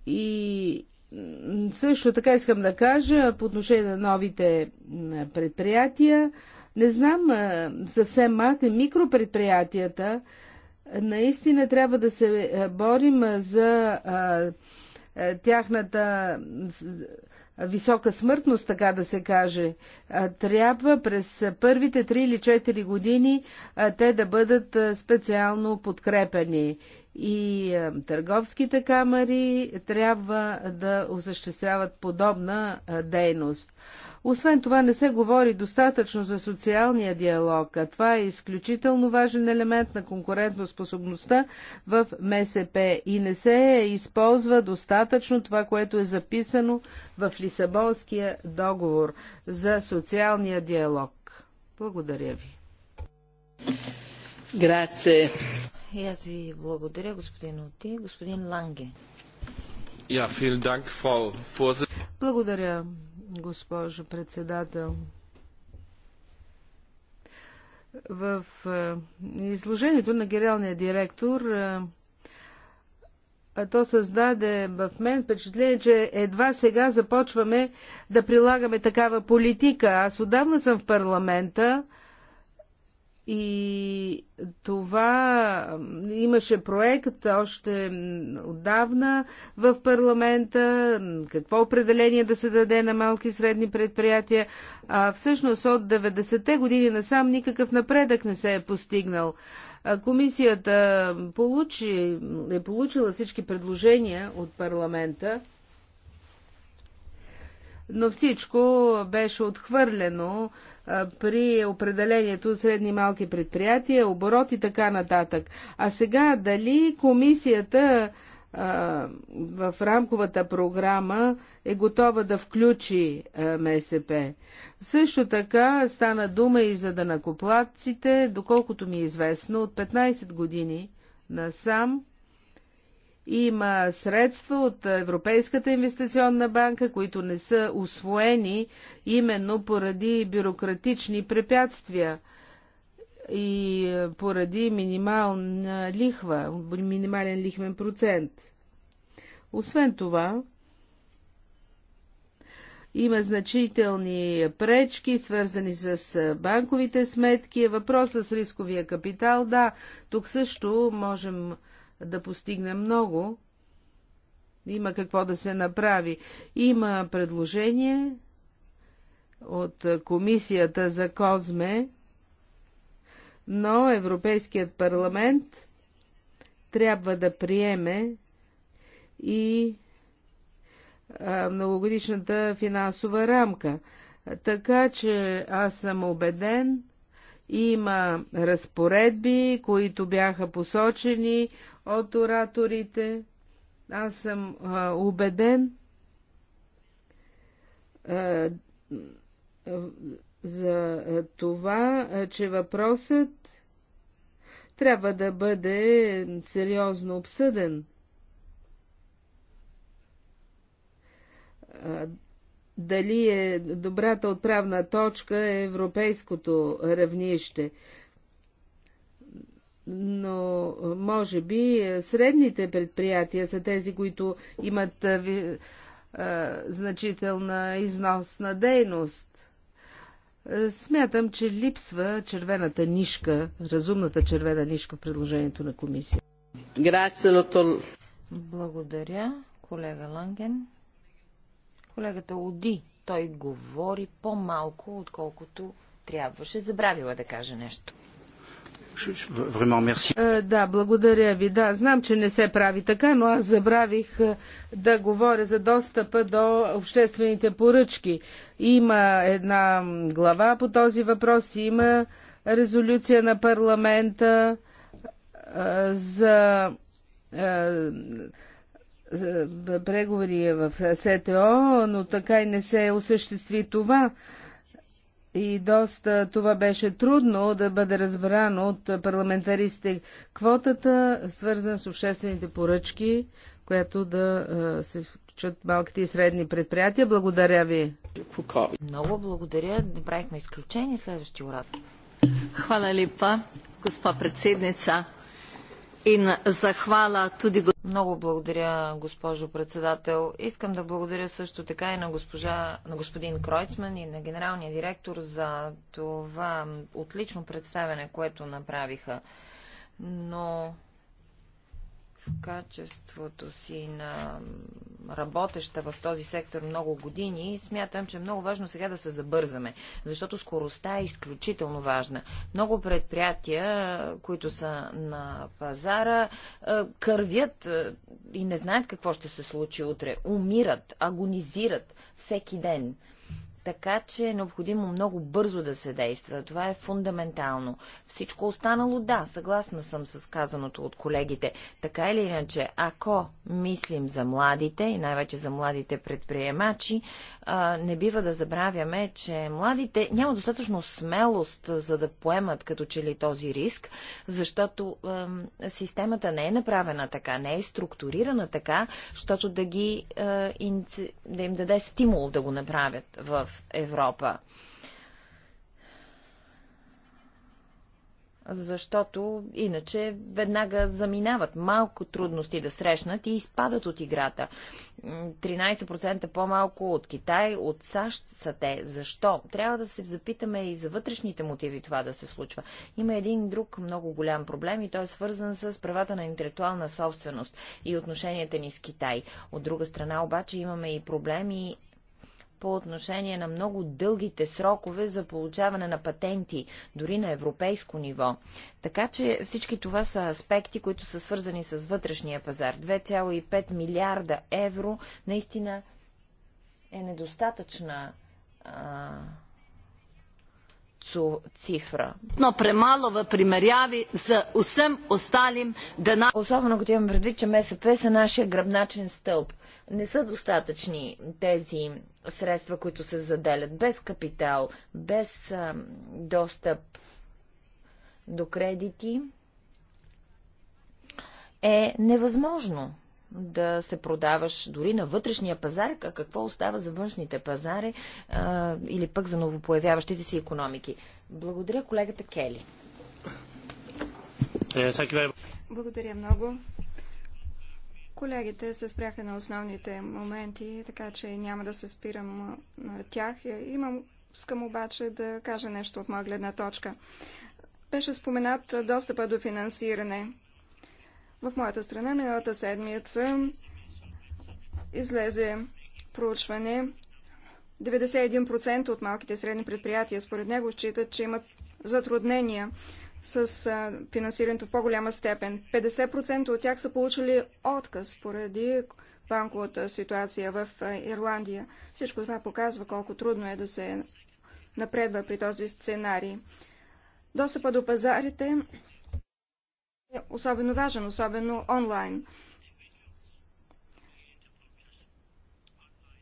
Speaker 2: и също така искам да кажа по отношение на новите предприятия. Не знам, съвсем малки микропредприятията наистина трябва да се борим за тяхната висока смъртност, така да се каже. Трябва през първите 3 или 4 години те да бъдат специално подкрепени и е, търговските камери трябва да осъществяват подобна е, дейност. Освен това не се говори достатъчно за социалния диалог, а това е изключително важен елемент на конкурентоспособността в МСП и не се използва достатъчно това, което е записано в Лисабонския договор за социалния диалог. Благодаря ви. Грация.
Speaker 1: И аз ви благодаря, господин Оти. Господин Ланге.
Speaker 2: Yeah, Dank, Frau благодаря, госпожо председател. В изложението на генералния директор то създаде в мен впечатление, че едва сега започваме да прилагаме такава политика. Аз отдавна съм в парламента и това имаше проект още отдавна в парламента, какво определение да се даде на малки и средни предприятия. А всъщност от 90-те години насам никакъв напредък не се е постигнал. Комисията получи, е получила всички предложения от парламента, но всичко беше отхвърлено при определението средни малки предприятия, оборот и така нататък. А сега дали комисията в рамковата програма е готова да включи МСП. Също така стана дума и за данакоплатците, доколкото ми е известно, от 15 години насам има средства от Европейската инвестиционна банка, които не са освоени именно поради бюрократични препятствия и е, поради минимална лихва, минимален лихвен процент. Освен това, има значителни пречки, свързани с е, банковите сметки. Е, въпросът с рисковия капитал, да, тук също можем да постигне много. Има какво да се направи. Има предложение от комисията за Козме, но Европейският парламент трябва да приеме и многогодишната финансова рамка. Така че аз съм убеден, има разпоредби, които бяха посочени от ораторите. Аз съм а, убеден а, за това, а, че въпросът трябва да бъде сериозно обсъден. дали е добрата отправна точка е европейското равнище но може би е, средните предприятия са тези, които имат значителна износна дейност. Смятам, че липсва червената нишка, разумната червена нишка в предложението на комисия. Благодаря, колега
Speaker 1: Ланген. Колегата Оди, той говори по-малко, отколкото трябваше. Забравила да каже нещо.
Speaker 2: Да, благодаря ви. Да, знам, че не се прави така, но аз забравих да говоря за достъпа до обществените поръчки. Има една глава по този въпрос, има резолюция на парламента за преговори в СТО, но така и не се осъществи това. И доста това беше трудно да бъде разбрано от парламентаристите. Квотата, свързана с обществените поръчки, която да се включат малките и средни предприятия. Благодаря ви. Много благодаря. Направихме изключение. Следващи урад. Хвала липа, госпа председница.
Speaker 1: In Много благодаря, госпожо председател. Искам да благодаря също така и на, госпожа, на господин Кройцман и на генералния директор за това отлично представяне, което направиха. Но в качеството си на работеща в този сектор много години, смятам, че е много важно сега да се забързаме, защото скоростта е изключително важна. Много предприятия, които са на пазара, е, кървят е, и не знаят какво ще се случи утре. Умират, агонизират всеки ден. Така че е необходимо много бързо да се действа. Това е фундаментално. Всичко останало, да, съгласна съм с казаното от колегите. Така или иначе, ако мислим за младите и най-вече за младите предприемачи, не бива да забравяме, че младите няма достатъчно смелост за да поемат като че ли този риск, защото системата не е направена така, не е структурирана така, защото да, ги, да им даде стимул да го направят в Европа. Защото иначе веднага заминават малко трудности да срещнат и изпадат от играта. 13% по-малко от Китай, от САЩ са те. Защо? Трябва да се запитаме и за вътрешните мотиви това да се случва. Има един друг много голям проблем и той е свързан с правата на интелектуална собственост и отношенията ни с Китай. От друга страна обаче имаме и проблеми по отношение на много дългите срокове за получаване на патенти, дори на европейско ниво. Така че всички това са аспекти, които са свързани с вътрешния пазар. 2,5 милиарда евро наистина е недостатъчна цифра. Но премало в примеряви за усем осталим дена. Особено като имам предвид, че МСП са нашия гръбначен стълб не са достатъчни тези средства, които се заделят без капитал, без а, достъп до кредити, е невъзможно да се продаваш дори на вътрешния пазар, а какво остава за външните пазари а, или пък за новопоявяващите си економики. Благодаря колегата Кели.
Speaker 3: Е, Благодаря много. Колегите се спряха на основните моменти, така че няма да се спирам на тях. Е, имам, искам обаче да кажа нещо от моя гледна точка. Беше споменат достъпа до финансиране. В моята страна миналата седмица излезе проучване. 91% от малките и средни предприятия според него считат, че имат затруднения с а, финансирането в по-голяма степен. 50% от тях са получили отказ поради банковата ситуация в а, Ирландия. Всичко това показва колко трудно е да се напредва при този сценарий. Достъпа до пазарите е особено важен, особено онлайн.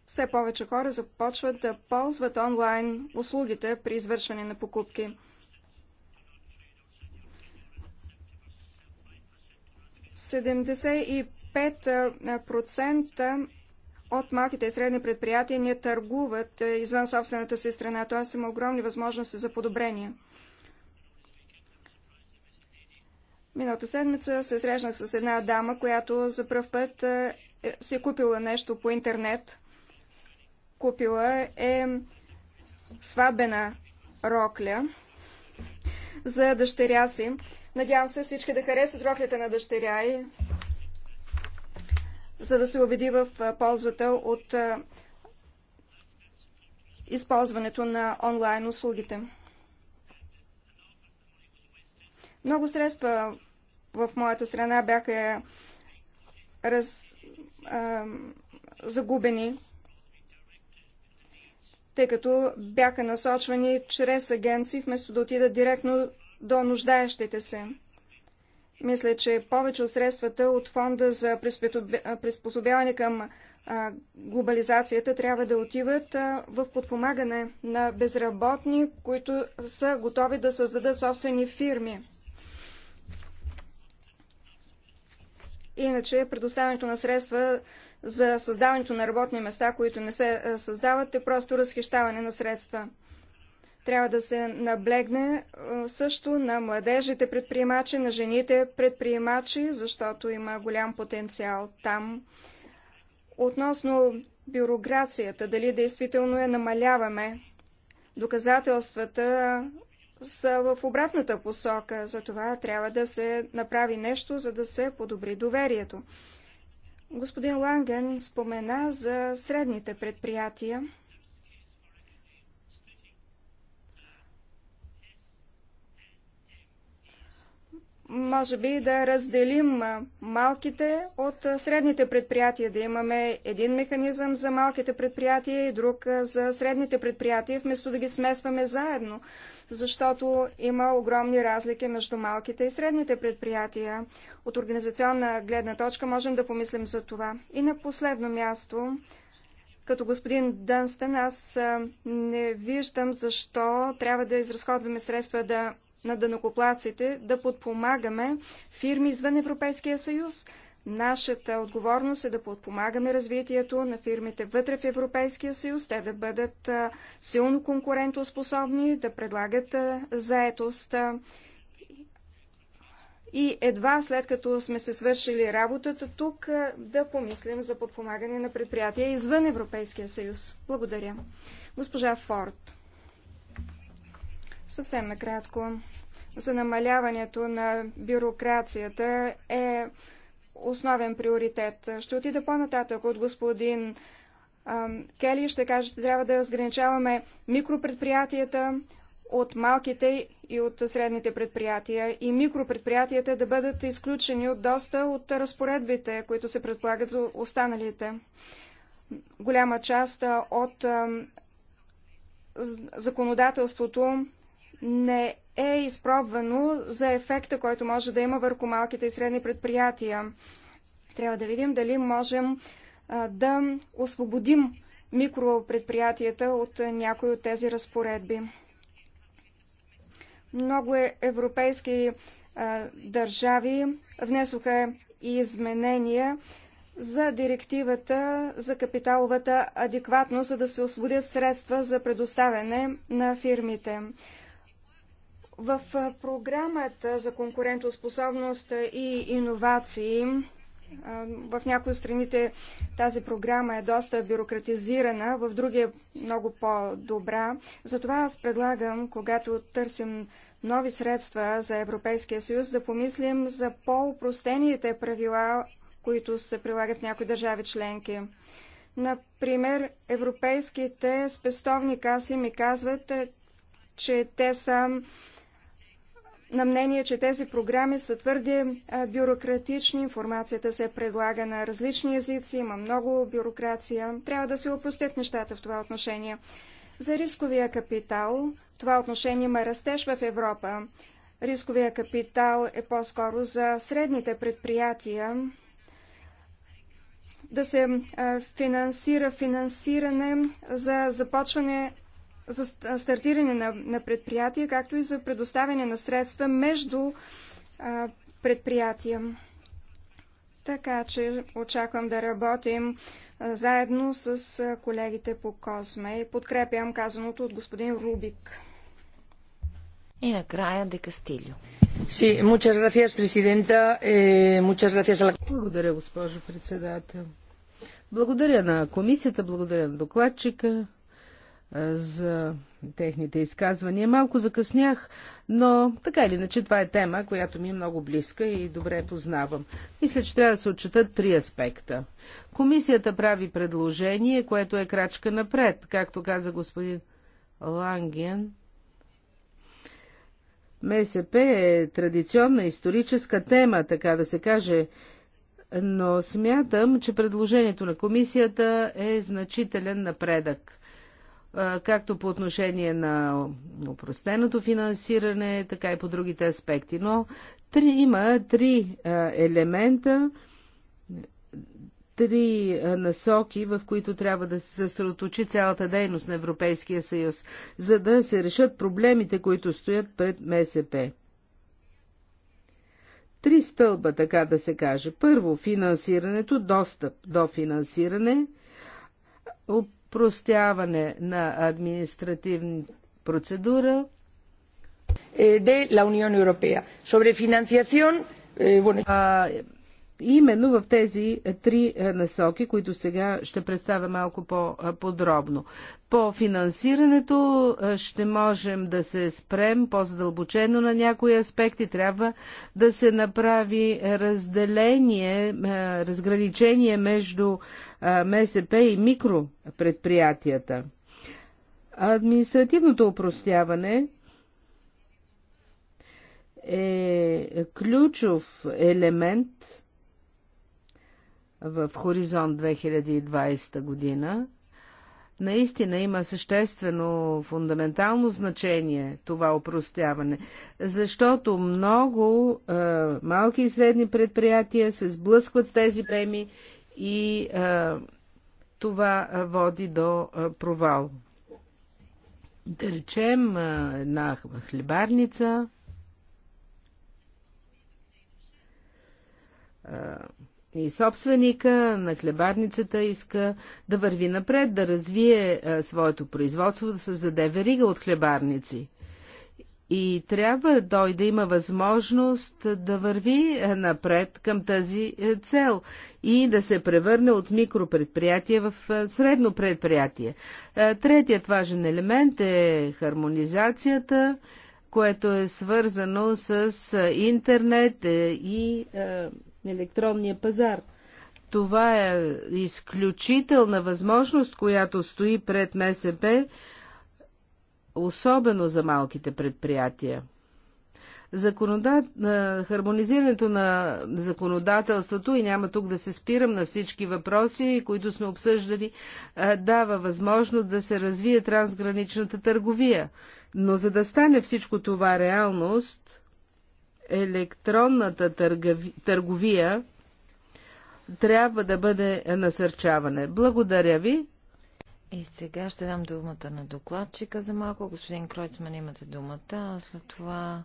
Speaker 3: Все повече хора започват да ползват онлайн услугите при извършване на покупки. 75% от малките и средни предприятия не търгуват извън собствената си страна, Тоест има огромни възможности за подобрение. Миналата седмица се срещнах с една дама, която за пръв път е, си е купила нещо по интернет. Купила е сватбена рокля за дъщеря си. Надявам се всички да харесат роклята на дъщеря и за да се убеди в ползата от използването на онлайн услугите. Много средства в моята страна бяха раз, а, загубени, тъй като бяха насочвани чрез агенции, вместо да отидат директно до нуждаещите се. Мисля, че повече от средствата от фонда за приспособяване към глобализацията трябва да отиват в подпомагане на безработни, които са готови да създадат собствени фирми. Иначе предоставянето на средства за създаването на работни места, които не се създават, е просто разхищаване на средства. Трябва да се наблегне също на младежите предприемачи, на жените предприемачи, защото има голям потенциал там. Относно бюрокрацията, дали действително я намаляваме, доказателствата са в обратната посока. За това трябва да се направи нещо, за да се подобри доверието. Господин Ланген спомена за средните предприятия. може би да разделим малките от средните предприятия, да имаме един механизъм за малките предприятия и друг за средните предприятия, вместо да ги смесваме заедно, защото има огромни разлики между малките и средните предприятия. От организационна гледна точка можем да помислим за това. И на последно място, като господин Дънстен, аз не виждам защо трябва да изразходваме средства да на дънокоплаците да подпомагаме фирми извън Европейския съюз. Нашата отговорност е да подпомагаме развитието на фирмите вътре в Европейския съюз, те да бъдат силно конкурентоспособни, да предлагат заетост. И едва след като сме се свършили работата тук, да помислим за подпомагане на предприятия извън Европейския съюз. Благодаря. Госпожа Форд. Съвсем накратко, за намаляването на бюрокрацията е основен приоритет. Ще отида по-нататък от господин Кели ще кажа, че трябва да разграничаваме микропредприятията от малките и от средните предприятия и микропредприятията да бъдат изключени от доста от разпоредбите, които се предполагат за останалите. Голяма част от законодателството не е изпробвано за ефекта, който може да има върху малките и средни предприятия. Трябва да видим дали можем да освободим микропредприятията от някои от тези разпоредби. Много е европейски а, държави внесоха и изменения за директивата за капиталовата адекватност, за да се освободят средства за предоставяне на фирмите. В програмата за конкурентоспособност и иновации в някои страните тази програма е доста бюрократизирана, в други е много по-добра. Затова аз предлагам, когато търсим нови средства за Европейския съюз, да помислим за по-упростените правила, които се прилагат в някои държави членки. Например, европейските спестовни каси ми казват, че те са на мнение, че тези програми са твърде бюрократични, информацията се предлага на различни езици, има много бюрокрация. Трябва да се опростят нещата в това отношение. За рисковия капитал това отношение има растеж в Европа. Рисковия капитал е по-скоро за средните предприятия, да се финансира финансиране за започване за стартиране на, на предприятия, както и за предоставяне на средства между а, предприятия. Така че очаквам да работим а, заедно с а, колегите по Косме и подкрепям казаното от господин Рубик.
Speaker 2: И накрая Де Кастилио. Sí, muchas gracias, presidenta. Eh, muchas gracias a la... Благодаря, госпожо председател. Благодаря на комисията, благодаря на докладчика, за техните изказвания. Малко закъснях, но така или иначе това е тема, която ми е много близка и добре познавам. Мисля, че трябва да се отчитат три аспекта. Комисията прави предложение, което е крачка напред, както каза господин Ланген. МСП е традиционна историческа тема, така да се каже, но смятам, че предложението на комисията е значителен напредък както по отношение на упростеното финансиране, така и по другите аспекти. Но три, има три елемента, три насоки, в които трябва да се съсредоточи цялата дейност на Европейския съюз, за да се решат проблемите, които стоят пред МСП. Три стълба, така да се каже. Първо, финансирането, достъп до финансиране – простяване на административни процедура. De la Unión Europea. Sobre financiación, е, bueno... а, именно в тези три е, насоки, които сега ще представя малко по-подробно. По финансирането е, ще можем да се спрем по-задълбочено на някои аспекти. Трябва да се направи разделение, разграничение между МСП и микропредприятията. Административното упростяване е ключов елемент в Хоризонт 2020 година. Наистина има съществено фундаментално значение това опростяване, защото много е, малки и средни предприятия се сблъскват с тези премии и е, това е, води до е, провал. Да речем една хлебарница, и собственика на хлебарницата иска да върви напред, да развие своето производство, да създаде верига от хлебарници. И трябва той да има възможност да върви е, напред към тази е, цел и да се превърне от микропредприятие в е, средно предприятие. Третият важен елемент е хармонизацията, което е свързано с интернет и електронния пазар. Това е изключителна възможност, която стои пред МСП особено за малките предприятия. Законода... Хармонизирането на законодателството, и няма тук да се спирам на всички въпроси, които сме обсъждали, дава възможност да се развие трансграничната търговия. Но за да стане всичко това реалност, електронната търгови... търговия трябва да бъде насърчаване. Благодаря ви. И сега ще дам думата на докладчика за малко. Господин Кройцман,
Speaker 1: имате думата. А след това...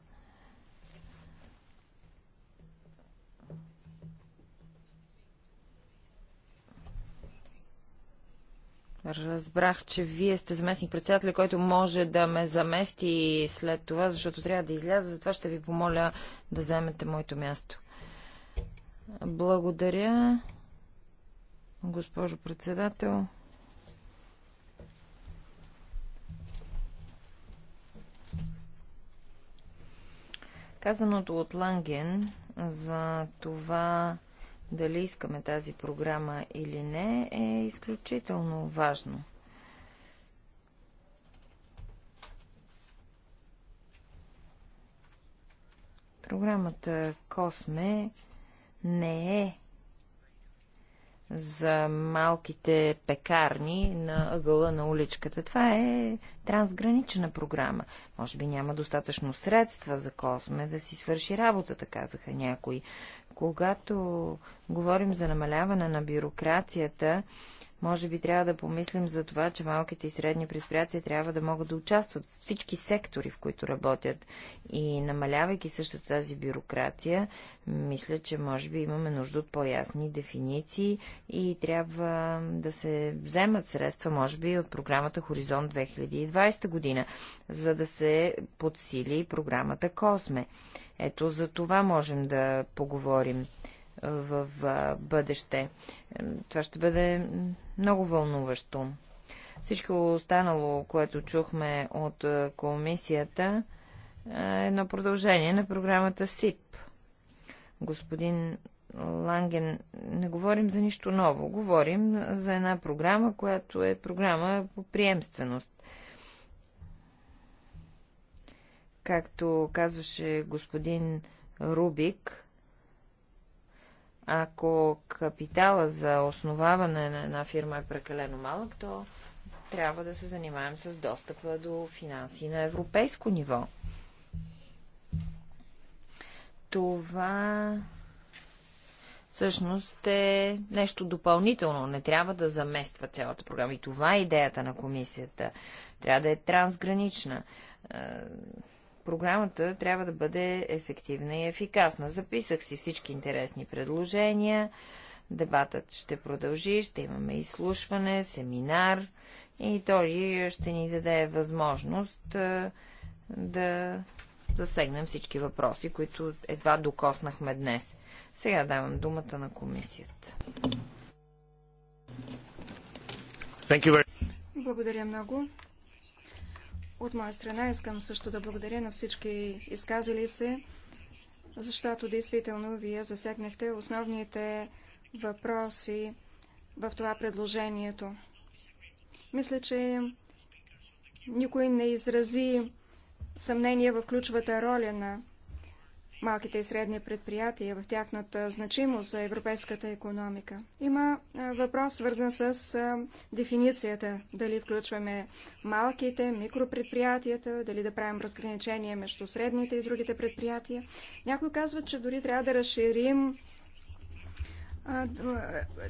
Speaker 1: Разбрах, че вие сте заместник председател, който може да ме замести след това, защото трябва да изляза. Затова ще ви помоля да вземете моето място. Благодаря, госпожо председател. Казаното от Ланген за това дали искаме тази програма или не е изключително важно. Програмата Косме не е за малките пекарни на ъгъла на уличката. Това е трансгранична програма. Може би няма достатъчно средства за Косме да си свърши работата, казаха някои. Когато говорим за намаляване на бюрокрацията, може би трябва да помислим за това, че малките и средни предприятия трябва да могат да участват в всички сектори, в които работят. И намалявайки също тази бюрокрация, мисля, че може би имаме нужда от по-ясни дефиниции и трябва да се вземат средства, може би, от програмата Хоризонт 2020 година, за да се подсили програмата Косме. Ето за това можем да поговорим в бъдеще. Това ще бъде много вълнуващо. Всичко останало, което чухме от комисията, е едно продължение на програмата СИП. Господин Ланген, не говорим за нищо ново. Говорим за една програма, която е програма по приемственост. Както казваше господин Рубик, ако капитала за основаване на една фирма е прекалено малък, то трябва да се занимаем с достъпа до финанси на европейско ниво. Това всъщност е нещо допълнително. Не трябва да замества цялата програма. И това е идеята на комисията. Трябва да е трансгранична. Е, програмата трябва да бъде ефективна и ефикасна. Записах си всички интересни предложения. Дебатът ще продължи, ще имаме изслушване, семинар и той ще ни даде възможност да засегнем всички въпроси, които едва докоснахме днес. Сега давам думата на комисията.
Speaker 3: Благодаря много. От моя страна искам също да благодаря на всички изказали се, защото действително вие засегнахте основните въпроси в това предложението. Мисля, че никой не изрази съмнение в ключовата роля на малките и средни предприятия в тяхната значимост за европейската економика. Има въпрос свързан с дефиницията, дали включваме малките, микропредприятията, дали да правим разграничение между средните и другите предприятия. Някой казва, че дори трябва да разширим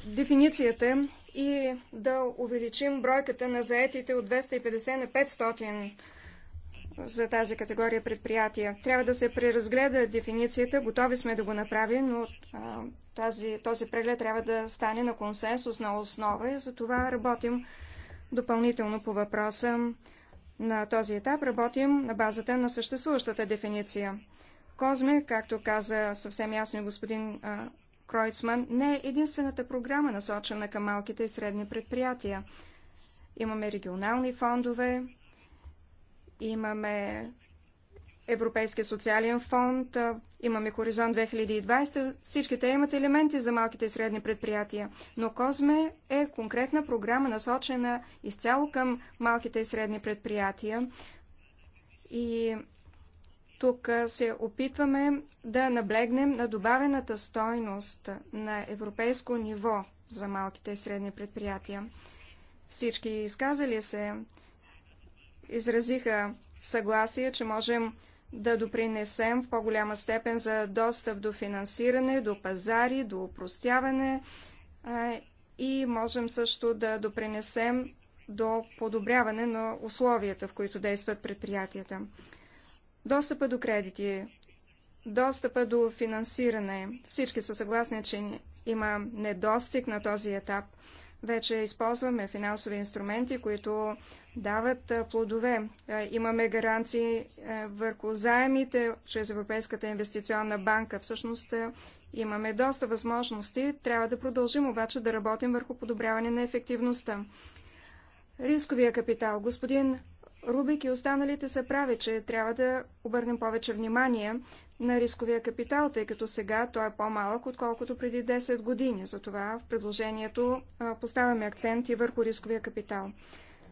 Speaker 3: дефиницията и да увеличим бройката на заетите от 250 на 500 за тази категория предприятия. Трябва да се преразгледа дефиницията, готови сме да го направим, но тази, този преглед трябва да стане на консенсус на основа и за това работим допълнително по въпроса. На този етап работим на базата на съществуващата дефиниция. Козме, както каза съвсем ясно и господин а, Кройцман, не е единствената програма насочена към малките и средни предприятия. Имаме регионални фондове, Имаме Европейския социален фонд, имаме Хоризонт 2020. Всички те имат елементи за малките и средни предприятия. Но Козме е конкретна програма, насочена изцяло към малките и средни предприятия. И тук се опитваме да наблегнем на добавената стойност на европейско ниво за малките и средни предприятия. Всички изказали се изразиха съгласие, че можем да допринесем в по-голяма степен за достъп до финансиране, до пазари, до упростяване и можем също да допринесем до подобряване на условията, в които действат предприятията. Достъпа до кредити, достъпа до финансиране. Всички са съгласни, че има недостиг на този етап. Вече използваме финансови инструменти, които дават плодове. Имаме гаранции върху заемите чрез Европейската инвестиционна банка. Всъщност имаме доста възможности. Трябва да продължим обаче да работим върху подобряване на ефективността. Рисковия капитал. Господин Рубик и останалите са прави, че трябва да обърнем повече внимание на рисковия капитал, тъй като сега той е по-малък, отколкото преди 10 години. Затова в предложението поставяме акцент и върху рисковия капитал.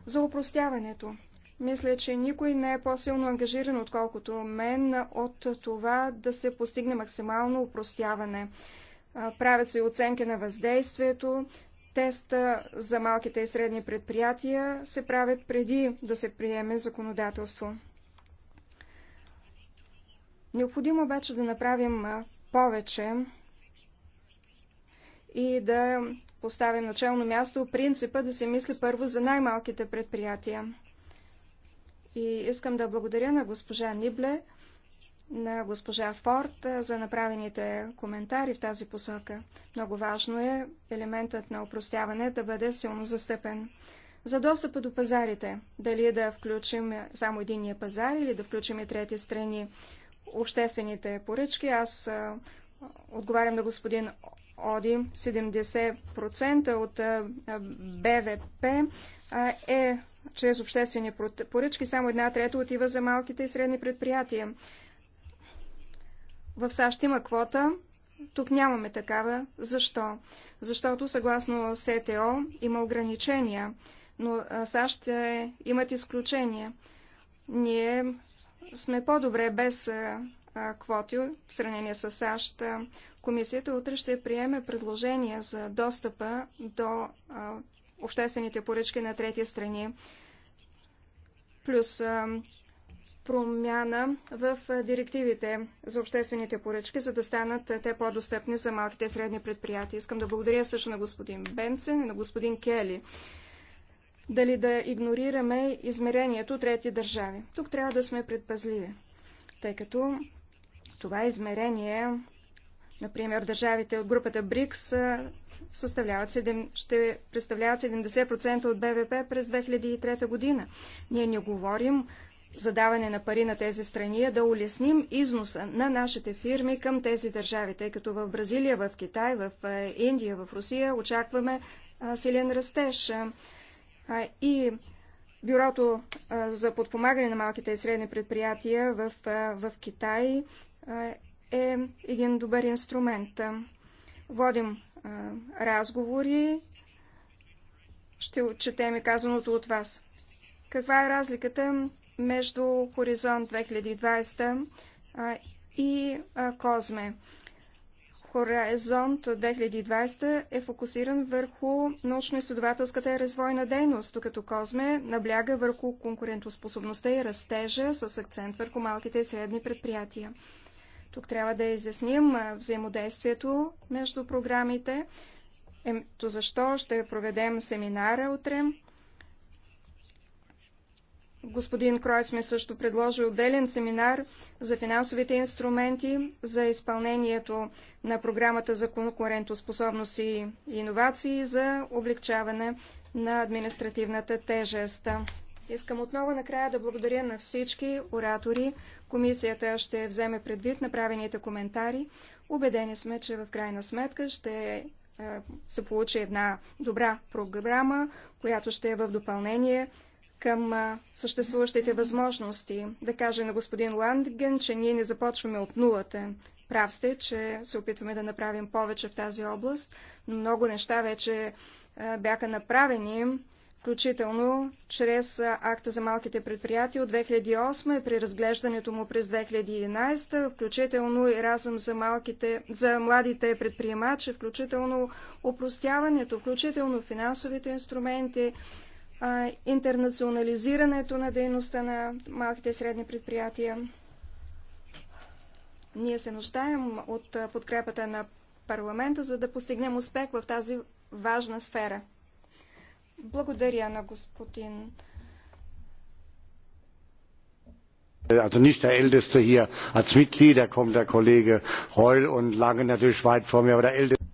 Speaker 3: За опростяването. Мисля, че никой не е по-силно ангажиран, отколкото мен, от това да се постигне максимално опростяване. Правят се оценки на въздействието, теста за малките и средни предприятия се правят преди да се приеме законодателство. Необходимо обаче да направим повече и да поставим начално място принципа да се мисли първо за най-малките предприятия. И искам да благодаря на госпожа Нибле, на госпожа Форд за направените коментари в тази посока. Много важно е елементът на опростяване да бъде силно застъпен. За достъпа до пазарите, дали да включим само единния пазар или да включим и трети страни, обществените поръчки, аз отговарям на господин Оди. 70% от БВП е чрез обществени поръчки, само една трета отива за малките и средни предприятия. В САЩ има квота, тук нямаме такава. Защо? Защото съгласно СТО има ограничения, но САЩ е, имат изключения. Ние сме по-добре без квоти в сравнение с САЩ. Комисията утре ще приеме предложения за достъпа до обществените поръчки на трети страни, плюс промяна в директивите за обществените поръчки, за да станат те по-достъпни за малките и средни предприятия. Искам да благодаря също на господин Бенсен и на господин Кели. Дали да игнорираме измерението трети държави? Тук трябва да сме предпазливи, тъй като това измерение Например, държавите от групата БРИКС съставляват 7, ще представляват 70% от БВП през 2003 година. Ние не говорим за даване на пари на тези страни, да улесним износа на нашите фирми към тези държави, тъй като в Бразилия, в Китай, в Индия, в Русия очакваме силен растеж. И Бюрото за подпомагане на малките и средни предприятия в, в Китай е един добър инструмент. Водим а, разговори, ще отчетем и казаното от вас. Каква е разликата между Хоризонт 2020 а, и а, Козме? Хоризонт 2020 е фокусиран върху научно-изследователската и развойна дейност, докато Козме набляга върху конкурентоспособността и растежа с акцент върху малките и средни предприятия. Тук трябва да изясним взаимодействието между програмите. Ето защо ще проведем семинара утре. Господин ми също предложи отделен семинар за финансовите инструменти за изпълнението на програмата за конкурентоспособност и иновации за облегчаване на административната тежест. Искам отново накрая да благодаря на всички оратори. Комисията ще вземе предвид направените коментари. Убедени сме, че в крайна сметка ще е, се получи една добра програма, която ще е в допълнение към съществуващите възможности. Да каже на господин Ландген, че ние не започваме от нулата. Прав сте, че се опитваме да направим повече в тази област, но много неща вече бяха направени включително чрез акта за малките предприятия от 2008 и е при разглеждането му през 2011, включително и разъм за, малките, за младите предприемачи, включително упростяването, включително финансовите инструменти, интернационализирането на дейността на малките и средни предприятия. Ние се нуждаем от подкрепата на парламента, за да постигнем успех в тази важна сфера. Благодаря на господин.
Speaker 2: Also nicht der Älteste hier als Mitglied, da kommt der Kollege Reul und Lange natürlich weit vor mir, aber der Älteste.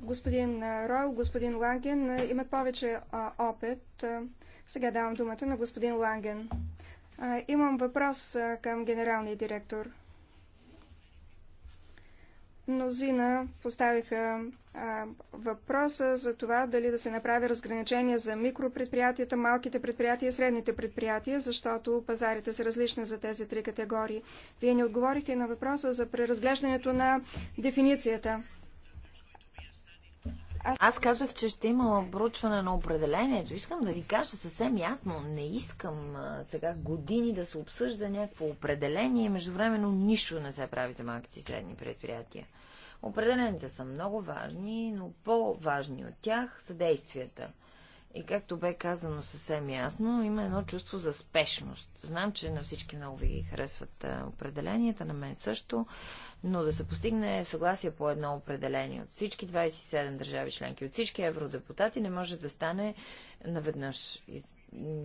Speaker 3: Господин Ройл, э, господин Ланген э, имат повече опит. Э, сега давам думата на господин Ланген. Имам въпрос към генералния директор. Мнозина поставиха а, въпроса за това дали да се направи разграничение за микропредприятията, малките предприятия и средните предприятия, защото пазарите са различни за тези три категории. Вие не отговорихте на въпроса за преразглеждането на дефиницията. Аз аз казах, че ще
Speaker 1: има обручване на определението. Искам да ви кажа съвсем ясно. Не искам а, сега години да се обсъжда някакво определение междувременно нищо не се прави за малките и средни предприятия. Определените са много важни, но по-важни от тях са действията. И както бе казано съвсем ясно, има едно чувство за спешност. Знам, че на всички много ви харесват определенията, на мен също, но да се постигне съгласие по едно определение от всички 27 държави членки, от всички евродепутати, не може да стане наведнъж.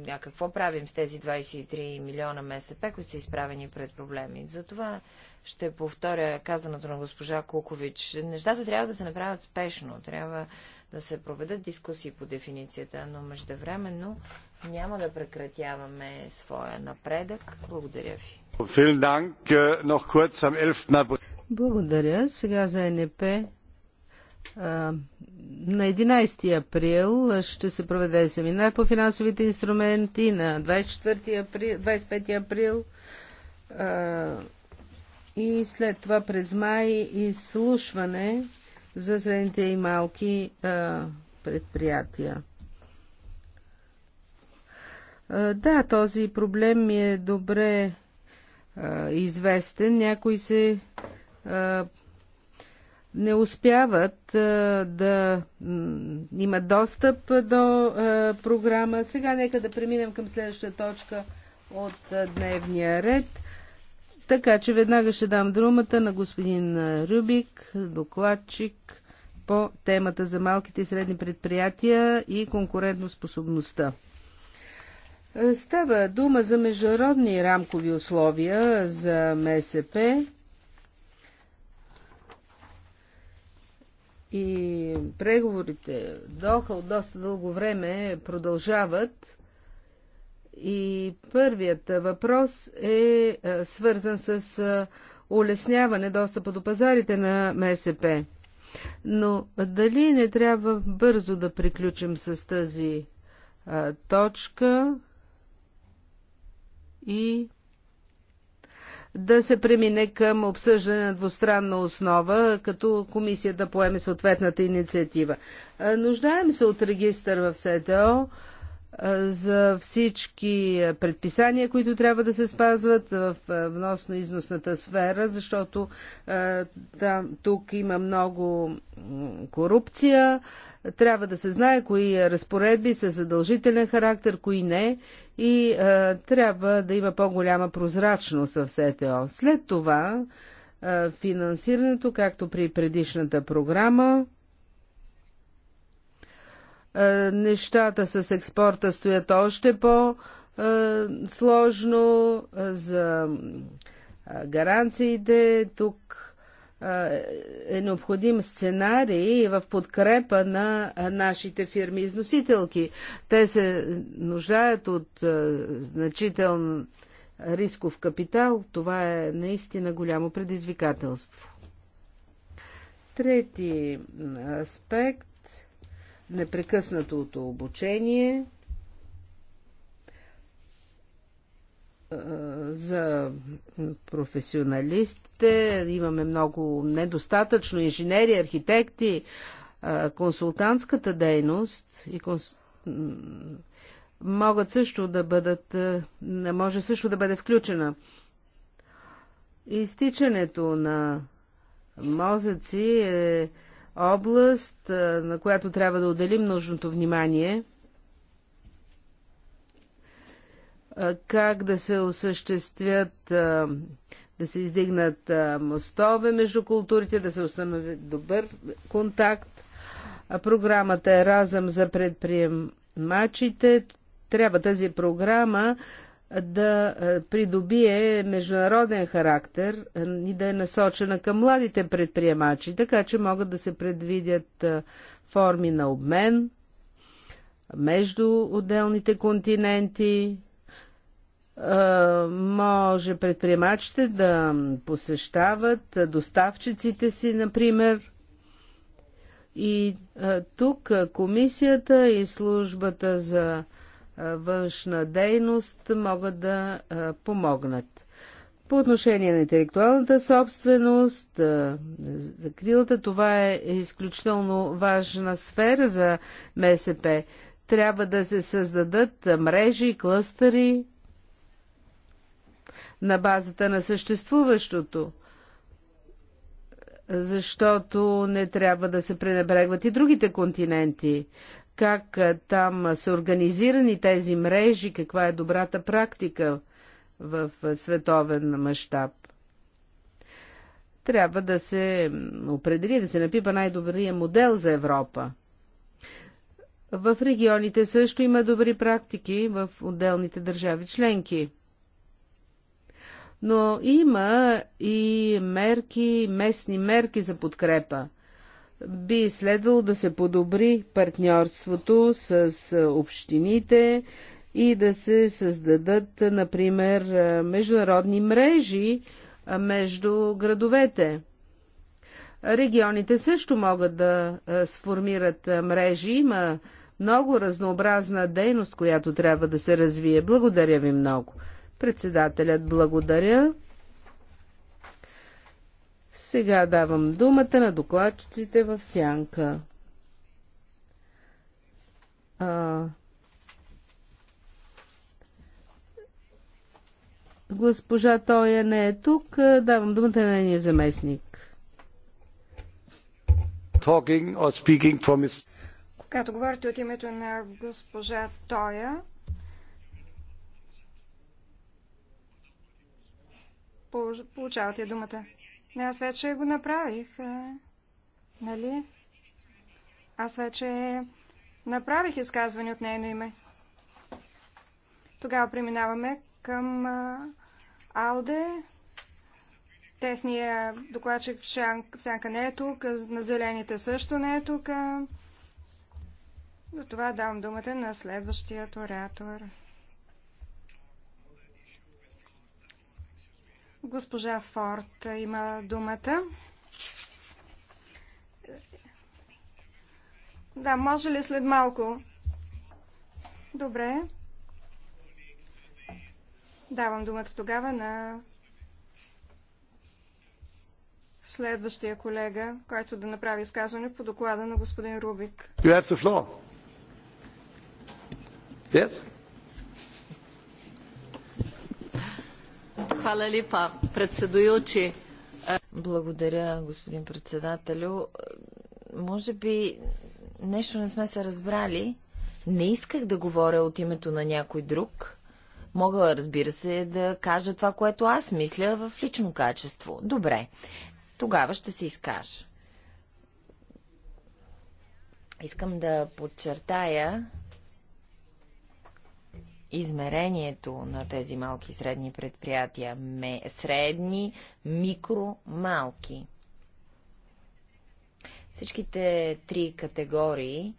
Speaker 1: А какво правим с тези 23 милиона МСП, които са изправени пред проблеми? Затова ще повторя казаното на госпожа Кукович. Нещата трябва да се направят спешно, трябва да се проведат дискусии по дефиницията, но междувременно няма да прекратяваме своя
Speaker 2: напредък. Благодаря ви. Благодаря. Сега за НП. На 11 април ще се проведе семинар по финансовите инструменти, на 24 април, 25 април и след това през май изслушване за средните и малки а, предприятия. А, да, този проблем ми е добре а, известен. Някои се а, не успяват а, да имат достъп до а, програма. Сега нека да преминем към следващата точка от а, дневния ред така че веднага ще дам думата на господин Рюбик, докладчик по темата за малките и средни предприятия и конкурентоспособността. Става дума за международни рамкови условия за МСП и преговорите Доха от доста дълго време продължават и първият въпрос е, е свързан с е, улесняване достъпа до пазарите на МСП. Но дали не трябва бързо да приключим с тази а, е, точка и да се премине към обсъждане на двустранна основа, като комисията поеме съответната инициатива. А, нуждаем се от регистър в СТО за всички предписания, които трябва да се спазват в вносно-износната сфера, защото там, тук има много корупция. Трябва да се знае кои разпоредби са задължителен характер, кои не и а, трябва да има по-голяма прозрачност в СТО. След това а, финансирането, както при предишната програма, е, нещата с експорта стоят още по-сложно е, за е, гаранциите. Тук е необходим сценарий в подкрепа на нашите фирми-износителки. Те се нуждаят от значителен рисков капитал. Това е наистина голямо предизвикателство. Трети аспект непрекъснатото обучение, за професионалистите. Имаме много недостатъчно инженери, архитекти, консултантската дейност и конс... могат също да бъдат, може също да бъде включена. Изтичането на мозъци е област, на която трябва да отделим нужното внимание. Как да се осъществят, да се издигнат мостове между културите, да се установи добър контакт. Програмата е разъм за предприемачите. Трябва тази програма да е, придобие международен характер е, и да е насочена към младите предприемачи, така че могат да се предвидят е, форми на обмен между отделните континенти. Може предприемачите да посещават доставчиците си, например, и тук комисията и службата за външна дейност могат да помогнат. По отношение на интелектуалната собственост, закрилата, това е изключително важна сфера за МСП. Трябва да се създадат мрежи, клъстери на базата на съществуващото, защото не трябва да се пренебрегват и другите континенти как там са организирани тези мрежи, каква е добрата практика в световен мащаб. Трябва да се определи, да се напипа най-добрия модел за Европа. В регионите също има добри практики в отделните държави членки. Но има и мерки, местни мерки за подкрепа би следвало да се подобри партньорството с общините и да се създадат, например, международни мрежи между градовете. Регионите също могат да сформират мрежи. Има много разнообразна дейност, която трябва да се развие. Благодаря ви много. Председателят благодаря. Сега давам думата на докладчиците в сянка. А... Госпожа Тоя не е тук. Давам думата на нейния заместник. Talking or speaking from his...
Speaker 3: Когато говорите от името на госпожа Тоя, получавате думата. Аз вече го направих. Нали? Аз вече направих изказване от нейно име. Тогава преминаваме към Алде. Техния докладчик в сянка не е тук, на зелените също не е тук. За това давам думата на следващия оратор. Госпожа Форд има думата. Да, може ли след малко? Добре. Давам думата тогава на следващия колега, който да направи изказване по доклада на господин Рубик.
Speaker 1: You have the floor. Yes? Хвала липа, председуючи. Благодаря, господин председателю. Може би нещо не сме се разбрали. Не исках да говоря от името на някой друг. Мога, разбира се, да кажа това, което аз мисля в лично качество. Добре, тогава ще се изкажа. Искам да подчертая, измерението на тези малки и средни предприятия. Ме, средни, микро, малки. Всичките три категории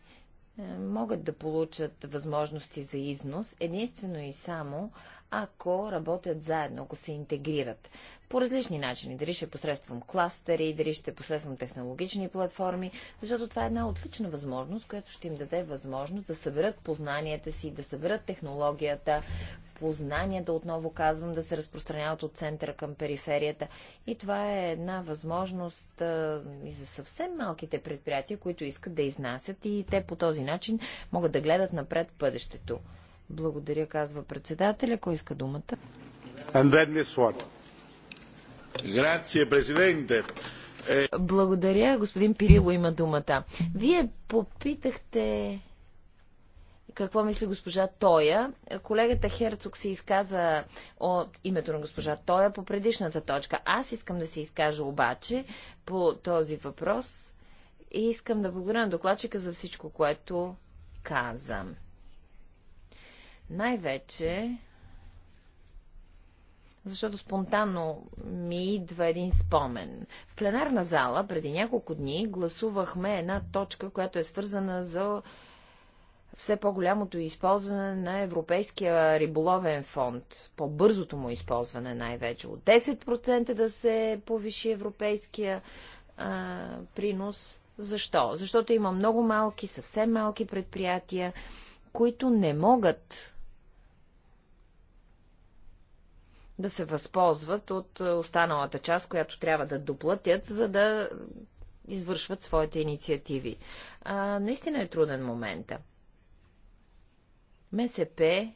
Speaker 1: е, могат да получат възможности за износ единствено и само, ако работят заедно, ако се интегрират. По различни начини, дали ще посредством кластери, дали ще посредством технологични платформи, защото това е една отлична възможност, която ще им даде възможност да съберат познанията си, да съберат технологията, познанията, отново казвам, да се разпространяват от центъра към периферията. И това е една възможност а, и за съвсем малките предприятия, които искат да изнасят и те по този начин могат да гледат напред бъдещето. Благодаря, казва председателя. Кой иска думата? Е, благодаря. Господин Пирило има думата. Вие попитахте какво мисли госпожа Тоя. Колегата Херцог се изказа от името на госпожа Тоя по предишната точка. Аз искам да се изкажа обаче по този въпрос и искам да благодаря на докладчика за всичко, което казам. Най-вече, защото спонтанно ми идва един спомен. В пленарна зала преди няколко дни гласувахме една точка, която е свързана за все по-голямото използване на Европейския риболовен фонд, по-бързото му използване най-вече, от 10% да се повиши европейския а, принос. Защо? Защото има много малки, съвсем малки предприятия, които не могат да се възползват от е, останалата част, която трябва да доплатят, за да извършват своите инициативи. А, наистина е труден момента. МСП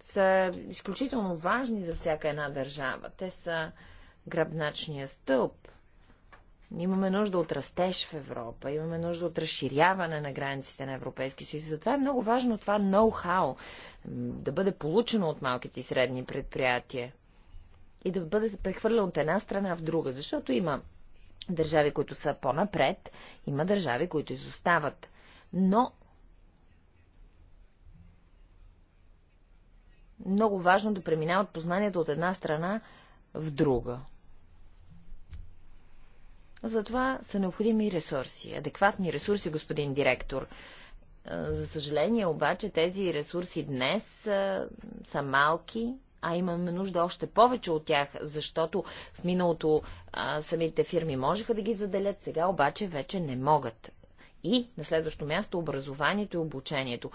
Speaker 1: са изключително важни за всяка една държава. Те са гръбначния стълб – Имаме нужда от растеж в Европа, имаме нужда от разширяване на границите на Европейския съюз. Затова е много важно това ноу-хау да бъде получено от малките и средни предприятия и да бъде прехвърлено от една страна в друга, защото има държави, които са по-напред, има държави, които изостават. Но много важно да преминават познанието от една страна в друга. Затова са необходими ресурси, адекватни ресурси, господин директор. За съжаление обаче тези ресурси днес са, са малки, а имаме нужда още повече от тях, защото в миналото а, самите фирми можеха да ги заделят, сега обаче вече не могат. И на следващо място образованието и обучението.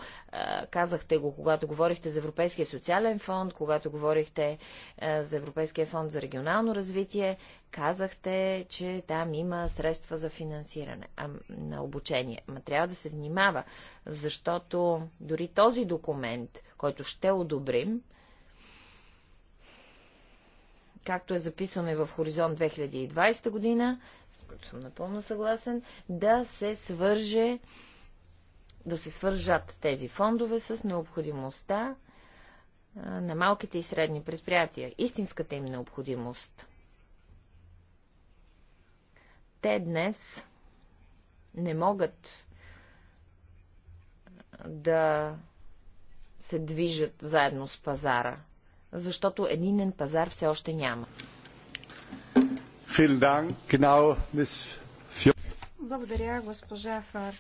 Speaker 1: Казахте го, когато говорихте за Европейския социален фонд, когато говорихте за Европейския фонд за регионално развитие, казахте, че там има средства за финансиране а, на обучение. Ма трябва да се внимава, защото дори този документ, който ще одобрим, както е записано и в Хоризонт 2020 година, с което съм напълно съгласен, да се свърже да се свържат тези фондове с необходимостта на малките и средни предприятия, истинската им необходимост. Те днес не могат да се движат заедно с пазара защото единен пазар все още няма.
Speaker 3: Благодаря, госпожа Фар.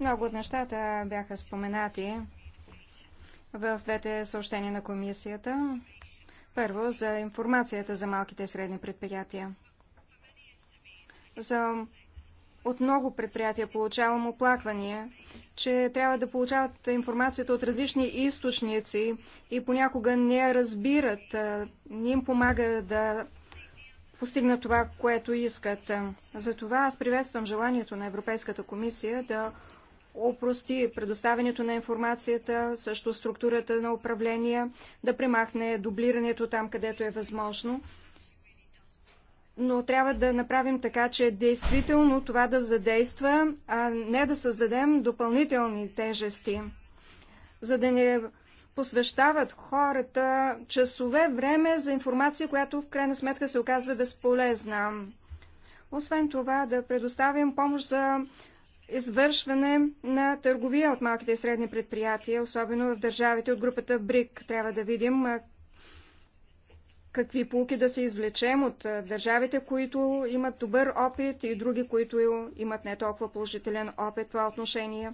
Speaker 3: Много от нещата бяха споменати в двете съобщения на комисията. Първо, за информацията за малките и средни предприятия. За от много предприятия получавам оплаквания, че трябва да получават информацията от различни източници и понякога не я разбират, не им помага да постигнат това, което искат. Затова аз приветствам желанието на Европейската комисия да опрости предоставянето на информацията, също структурата на управление, да премахне дублирането там, където е възможно но трябва да направим така, че действително това да задейства, а не да създадем допълнителни тежести, за да не посвещават хората часове време за информация, която в крайна сметка се оказва безполезна. Освен това, да предоставим помощ за извършване на търговия от малките и средни предприятия, особено в държавите от групата БРИК. Трябва да видим какви полки да се извлечем от държавите, които имат добър опит и други, които имат не толкова положителен опит в това отношение.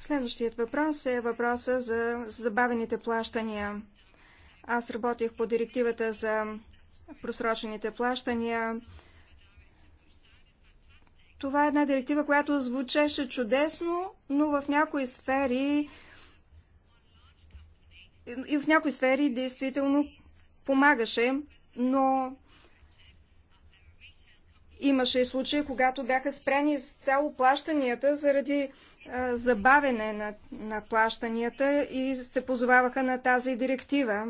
Speaker 3: Следващият въпрос е въпроса за забавените плащания. Аз работих по директивата за просрочените плащания. Това е една директива, която звучеше чудесно, но в някои сфери и в някои сфери действително помагаше, но имаше случаи, когато бяха спрени цяло плащанията заради а, забавене на, на плащанията и се позоваваха на тази директива.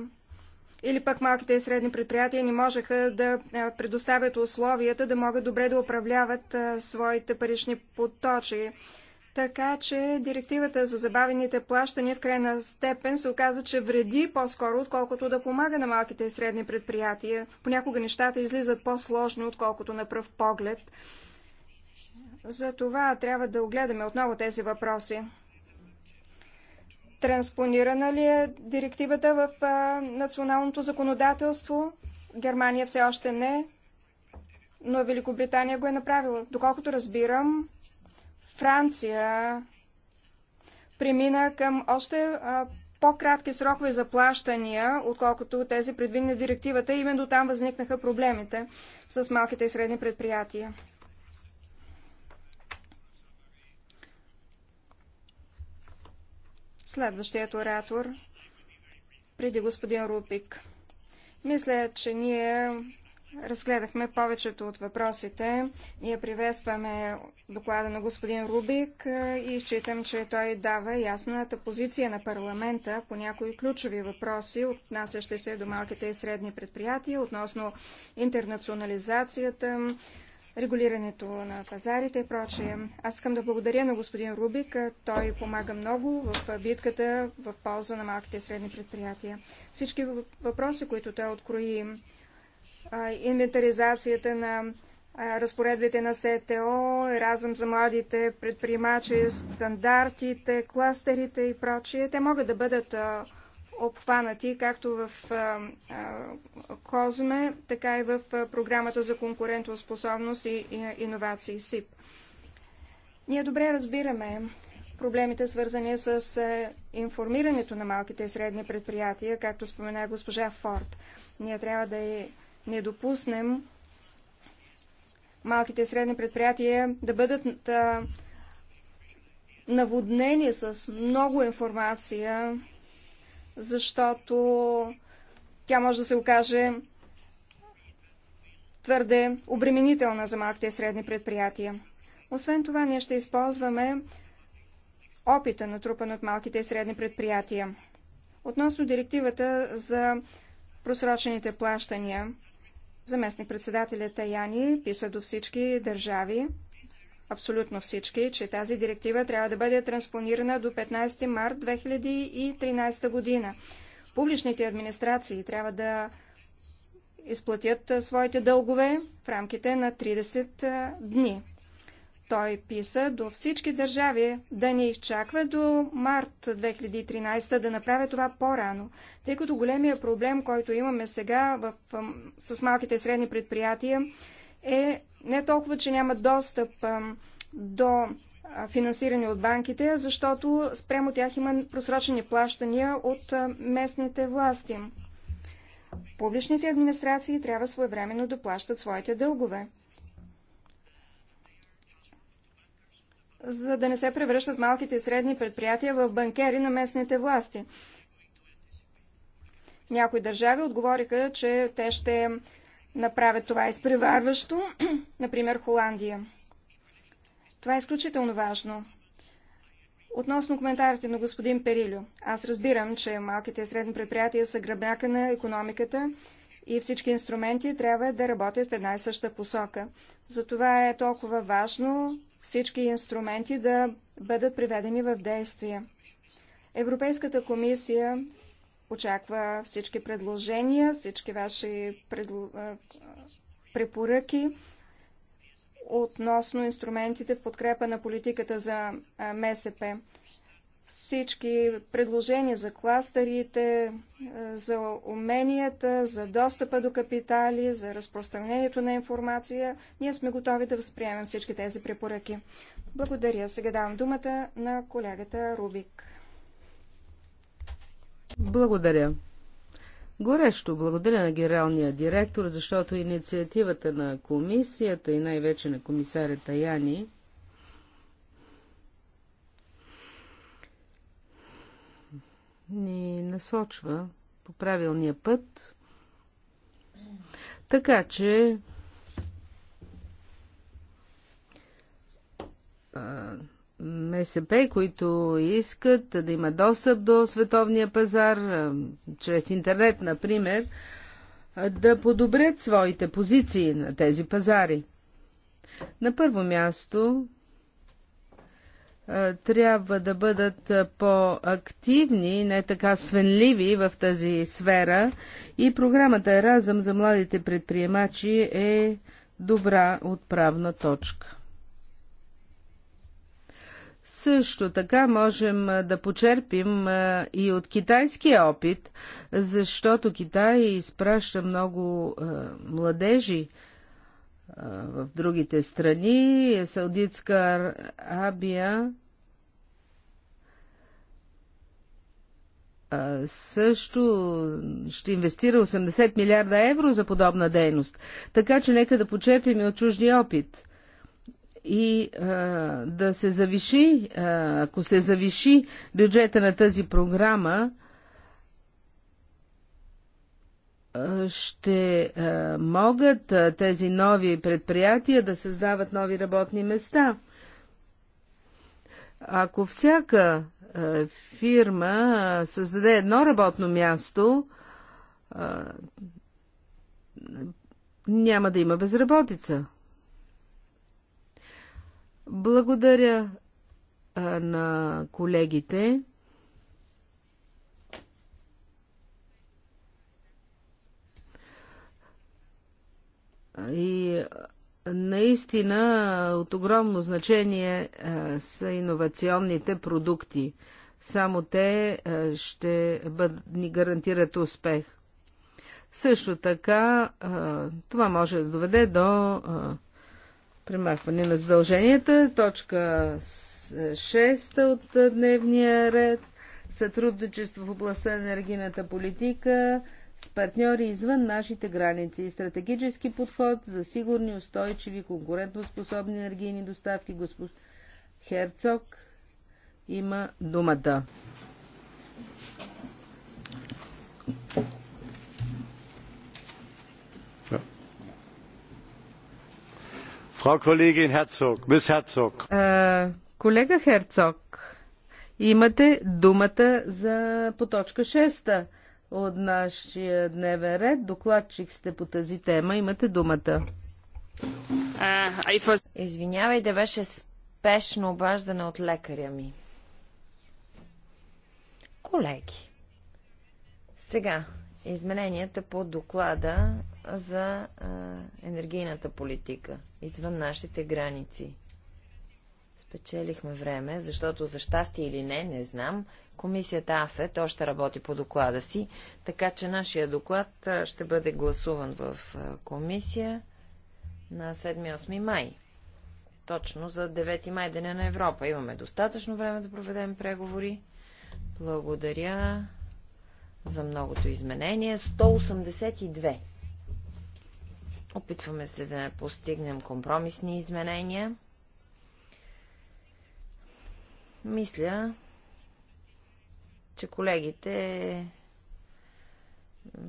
Speaker 3: Или пък малките и средни предприятия не можеха да предоставят условията да могат добре да управляват а, своите парични поточи. Така че директивата за забавените плащания в крайна степен се оказа, че вреди по-скоро, отколкото да помага на малките и средни предприятия. Понякога нещата излизат по-сложни, отколкото на пръв поглед. За това трябва да огледаме отново тези въпроси. Транспонирана ли е директивата в а, националното законодателство? Германия все още не, но Великобритания го е направила. Доколкото разбирам, Франция премина към още по-кратки срокове за плащания, отколкото тези предвидени директивата. Именно там възникнаха проблемите с малките и средни предприятия. Следващият оратор преди господин Рупик. Мисля, че ние Разгледахме повечето от въпросите. Ние приветстваме доклада на господин Рубик е, и считам, че той дава ясната позиция на парламента по някои ключови въпроси, отнасящи се до малките и средни предприятия, относно интернационализацията, регулирането на пазарите и прочее. Аз искам да благодаря на господин Рубик. Той помага много в битката в полза на малките и средни предприятия. Всички въпроси, които той открои инвентаризацията на разпоредбите на СТО, Еразъм за младите предприемачи, стандартите, кластерите и прочие, те могат да бъдат обхванати както в Козме, така и в програмата за конкурентоспособност и иновации СИП. Ние добре разбираме проблемите, свързани с информирането на малките и средни предприятия, както спомена госпожа Форд. Ние трябва да и не допуснем малките и средни предприятия да бъдат наводнени с много информация, защото тя може да се окаже твърде обременителна за малките и средни предприятия. Освен това, ние ще използваме опита, на натрупан от малките и средни предприятия. Относно директивата за просрочените плащания, Заместник председателя Таяни писа до всички държави, абсолютно всички, че тази директива трябва да бъде транспонирана до 15 март 2013 година. Публичните администрации трябва да изплатят своите дългове в рамките на 30 дни. Той писа до всички държави да не изчаква до март 2013 да направя това по-рано, тъй като големия проблем, който имаме сега в, с малките и средни предприятия, е не толкова, че няма достъп до финансиране от банките, защото спрямо тях има просрочени плащания от местните власти. Публичните администрации трябва своевременно да плащат своите дългове. за да не се превръщат малките и средни предприятия в банкери на местните власти. Някои държави отговориха, че те ще направят това изпреварващо, например Холандия. Това е изключително важно. Относно коментарите на господин Перилю, аз разбирам, че малките и средни предприятия са гръбняка на економиката и всички инструменти трябва да работят в една и съща посока. Затова е толкова важно всички инструменти да бъдат приведени в действие. Европейската комисия очаква всички предложения, всички ваши предл... препоръки относно инструментите в подкрепа на политиката за МСП всички предложения за кластерите, е, за уменията, за достъпа до капитали, за разпространението на информация. Ние сме готови да възприемем всички тези препоръки. Благодаря. Сега давам думата на колегата Рубик.
Speaker 2: Благодаря. Горещо благодаря на генералния директор, защото инициативата на комисията и най-вече на комисаря Таяни ни насочва по правилния път. Така че МСП, които искат да имат достъп до световния пазар, чрез интернет, например, да подобрят своите позиции на тези пазари. На първо място е, трябва да бъдат е, по-активни, не така свенливи в тази сфера и програмата Еразъм за младите предприемачи е добра отправна точка. Също така можем е, да почерпим и от китайския опит, защото Китай изпраща много младежи в другите страни. Саудитска Арабия също ще инвестира 80 милиарда евро за подобна дейност. Така че нека да почерпим и от чужди опит. И а, да се завиши, а, ако се завиши бюджета на тази програма, ще могат тези нови предприятия да създават нови работни места. Ако всяка фирма създаде едно работно място, няма да има безработица. Благодаря на колегите. И наистина от огромно значение са иновационните продукти. Само те ще бъд, ни гарантират успех. Също така, това може да доведе до премахване на задълженията. Точка 6 от дневния ред. Сътрудничество в областта на енергийната политика с партньори извън нашите граници и стратегически подход за сигурни, устойчиви, конкурентоспособни енергийни доставки. Господ Херцог има думата.
Speaker 1: Колега
Speaker 2: Херцог, имате думата за по точка 6 от нашия дневен ред. Докладчик сте по тази тема. Имате думата.
Speaker 1: Uh, Извинявай, да беше спешно обаждане от лекаря ми. Колеги, сега измененията по доклада за енергийната политика извън нашите граници. Спечелихме време, защото за щастие или не, не знам, Комисията АФЕТ още работи по доклада си, така че нашия доклад ще бъде гласуван в комисия на 7-8 май. Точно за 9 май, Деня на Европа. Имаме достатъчно време да проведем преговори. Благодаря за многото изменение. 182. Опитваме се да постигнем компромисни изменения. Мисля, че колегите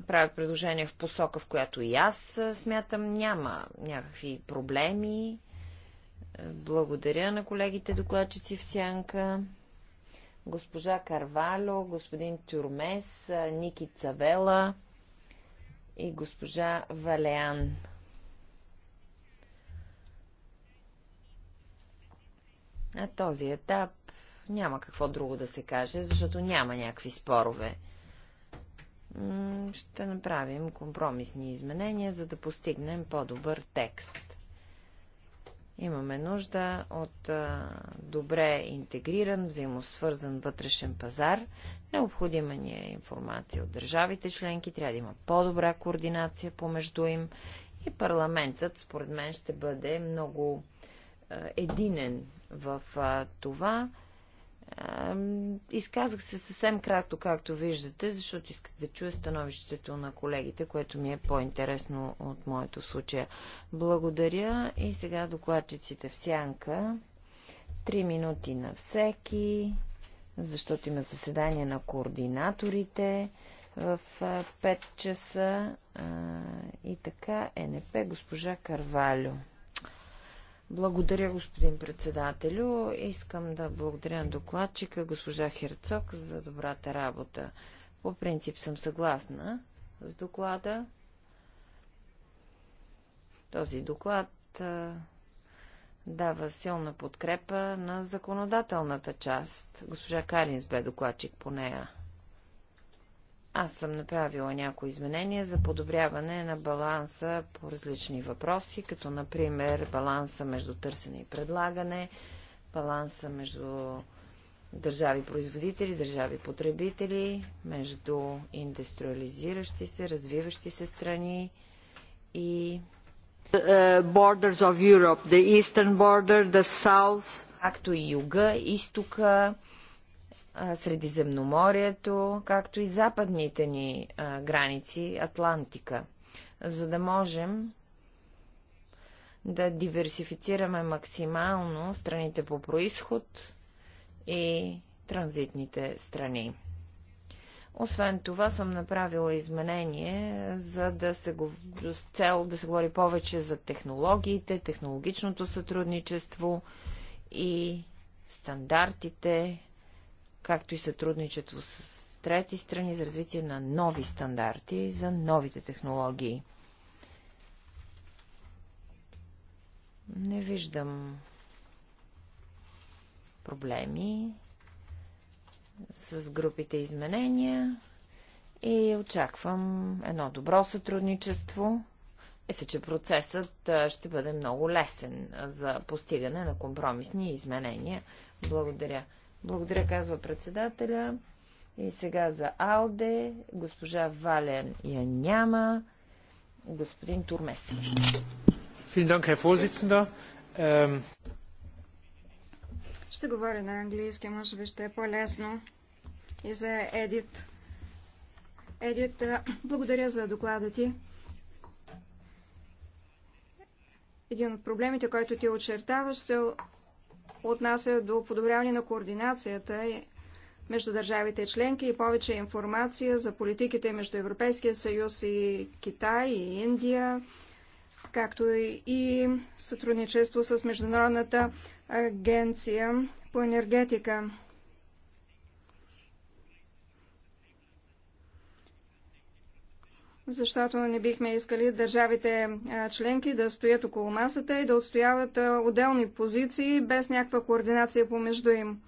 Speaker 1: правят предложения в посока, в която и аз смятам няма някакви проблеми. Благодаря на колегите докладчици в Сянка. Госпожа Карвало, господин Тюрмес, Ники Цавела и госпожа Валеан. На този етап няма какво друго да се каже, защото няма някакви спорове. Ще направим компромисни изменения, за да постигнем по-добър текст. Имаме нужда от а, добре интегриран, взаимосвързан вътрешен пазар. Необходима ни е информация от държавите членки, трябва да има по-добра координация помежду им и парламентът, според мен, ще бъде много а, единен в а, това Изказах се съвсем кратко, както виждате, защото исках да чуя становището на колегите, което ми е по-интересно от моето случая. Благодаря и сега докладчиците в сянка. Три минути на всеки, защото има заседание на координаторите в 5 часа и така ЕНП госпожа Карвалю. Благодаря, господин председателю. Искам да благодаря на докладчика, госпожа Херцог, за добрата работа. По принцип съм съгласна с доклада. Този доклад дава силна подкрепа на законодателната част. Госпожа Каринс бе докладчик по нея. Аз съм направила някои изменения за подобряване на баланса по различни въпроси, като например баланса между търсене и предлагане, баланса между държави производители, държави потребители, между индустриализиращи се, развиващи се страни и uh, borders of Europe, the eastern border, the south, както и юга, изтока, Средиземноморието, както и западните ни граници, Атлантика, за да можем да диверсифицираме максимално страните по происход и транзитните страни. Освен това съм направила изменение, за да се го, с цел да се говори повече за технологиите, технологичното сътрудничество и стандартите, както и сътрудничество с трети страни за развитие на нови стандарти, за новите технологии. Не виждам проблеми с групите изменения и очаквам едно добро сътрудничество. Мисля, че процесът ще бъде много лесен за постигане на компромисни изменения. Благодаря. Благодаря, казва председателя. И сега за Алде. Госпожа Вален я няма. Господин Турмес. Ähm,
Speaker 3: ще говоря на английски, може би ще е по-лесно. И за Едит. Едит, благодаря за доклада ти. Един от проблемите, който ти очертаваш, се отнася до подобряване на координацията между държавите членки и повече информация за политиките между Европейския съюз и Китай и Индия, както и сътрудничество с Международната агенция по енергетика. защото не бихме искали държавите членки да стоят около масата и да отстояват отделни позиции без някаква координация помежду им.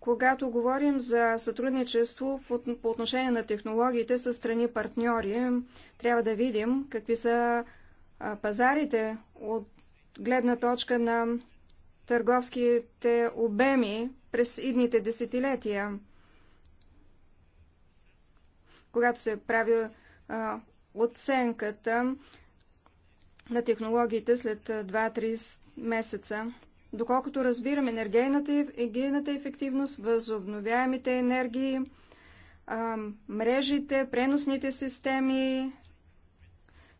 Speaker 3: Когато говорим за сътрудничество по отношение на технологиите с страни партньори, трябва да видим какви са пазарите от гледна точка на търговските обеми през идните десетилетия. Когато се прави оценката на технологиите след 2-3 месеца. Доколкото разбирам, енергийната, енергийната ефективност, възобновяемите енергии, мрежите, преносните системи,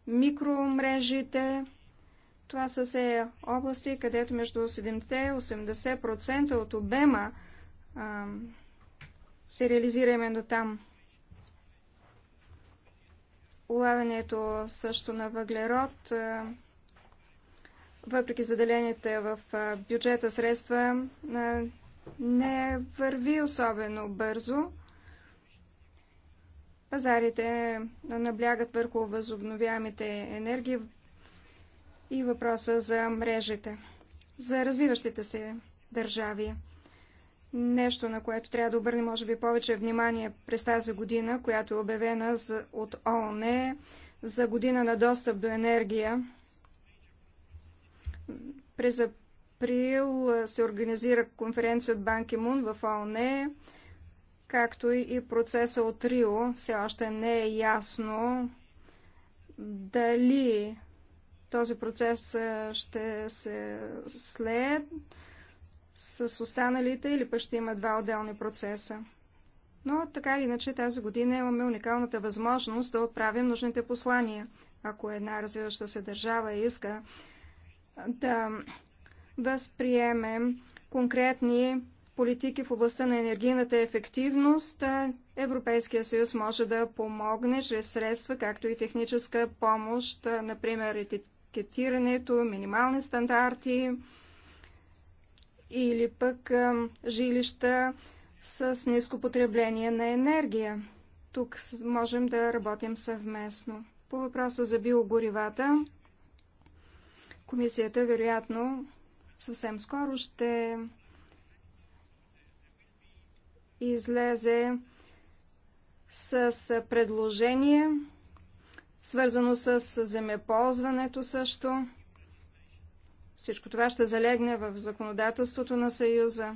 Speaker 3: микромрежите. Това са се области, където между 70-80% от обема се реализира именно там улавянето също на въглерод, въпреки заделените в бюджета средства, не върви особено бързо. Пазарите наблягат върху възобновяемите енергии и въпроса за мрежите, за развиващите се държави. Нещо, на което трябва да обърнем, може би, повече внимание през тази година, която е обявена от ООН е за година на достъп до енергия. През април се организира конференция от Банки Мун в ООН, както и процеса от Рио. Все още не е ясно дали този процес ще се след с останалите или пък ще има два отделни процеса. Но така или иначе тази година имаме уникалната възможност да отправим нужните послания. Ако една развиваща се държава иска да възприемем конкретни политики в областта на енергийната ефективност, Европейския съюз може да помогне чрез средства, както и техническа помощ, например етикетирането, минимални стандарти, или пък жилища с ниско потребление на енергия. Тук можем да работим съвместно. По въпроса за биогоривата, комисията вероятно съвсем скоро ще излезе с предложение, свързано с земеползването също. Всичко това ще залегне в законодателството на Съюза.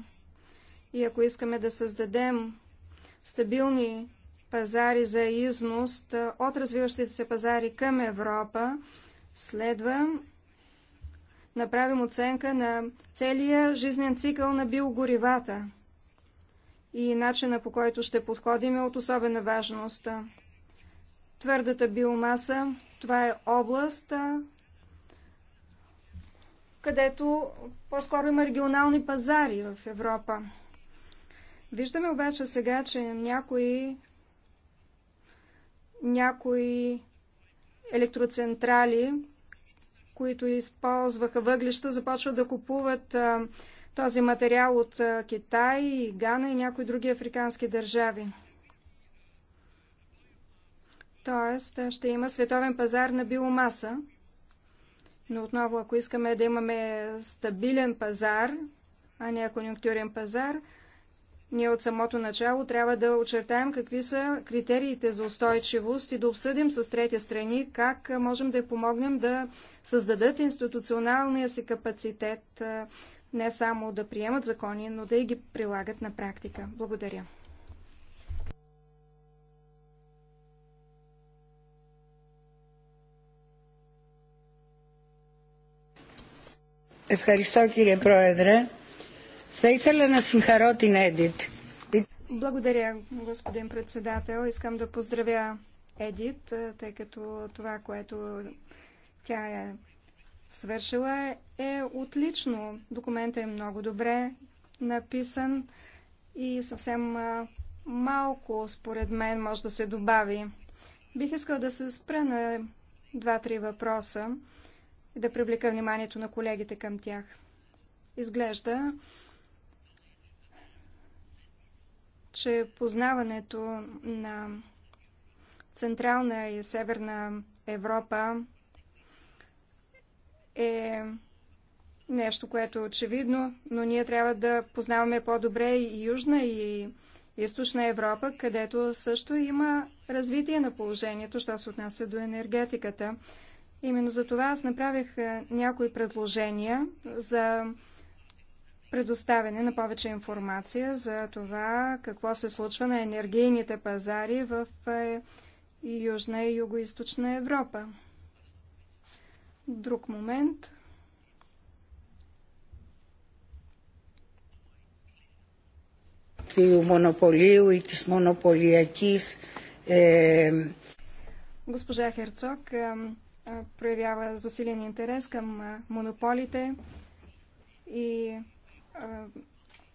Speaker 3: И ако искаме да създадем стабилни пазари за износ от развиващите се пазари към Европа, следва направим оценка на целия жизнен цикъл на биогоривата и начина по който ще подходим е от особена важност. Твърдата биомаса, това е област, където по-скоро има регионални пазари в Европа. Виждаме обаче сега, че някои, някои електроцентрали, които използваха въглища, започват да купуват а, този материал от а, Китай, Гана и някои други африкански държави. Тоест, ще има световен пазар на биомаса, но отново, ако искаме да имаме стабилен пазар, а не конъюнктурен пазар, ние от самото начало трябва да очертаем какви са критериите за устойчивост и да обсъдим с трети страни как можем да помогнем да създадат институционалния си капацитет, не само да приемат закони, но да и ги прилагат на практика. Благодаря.
Speaker 2: Ευχαριστώ κύριε Πρόεδρε. Θα ήθελα να συγχαρώ την
Speaker 3: Благодаря, господин председател. Искам да поздравя Едит, е, тъй като това, което тя е свършила е отлично. Документът е много добре написан и съвсем е, малко, според мен, може да се добави. Бих искал да се спра на два-три въпроса и да привлека вниманието на колегите към тях. Изглежда, че познаването на Централна и Северна Европа е нещо, което е очевидно, но ние трябва да познаваме по-добре и Южна и Източна Европа, където също има развитие на положението, що се отнася до енергетиката. Именно за това аз направих е, някои предложения за предоставяне на повече информация за това какво се случва на енергийните пазари в е, Южна и Юго-Источна Европа. Друг момент.
Speaker 2: монополию и тис монополиякис.
Speaker 3: Госпожа Херцог проявява засилен интерес към монополите и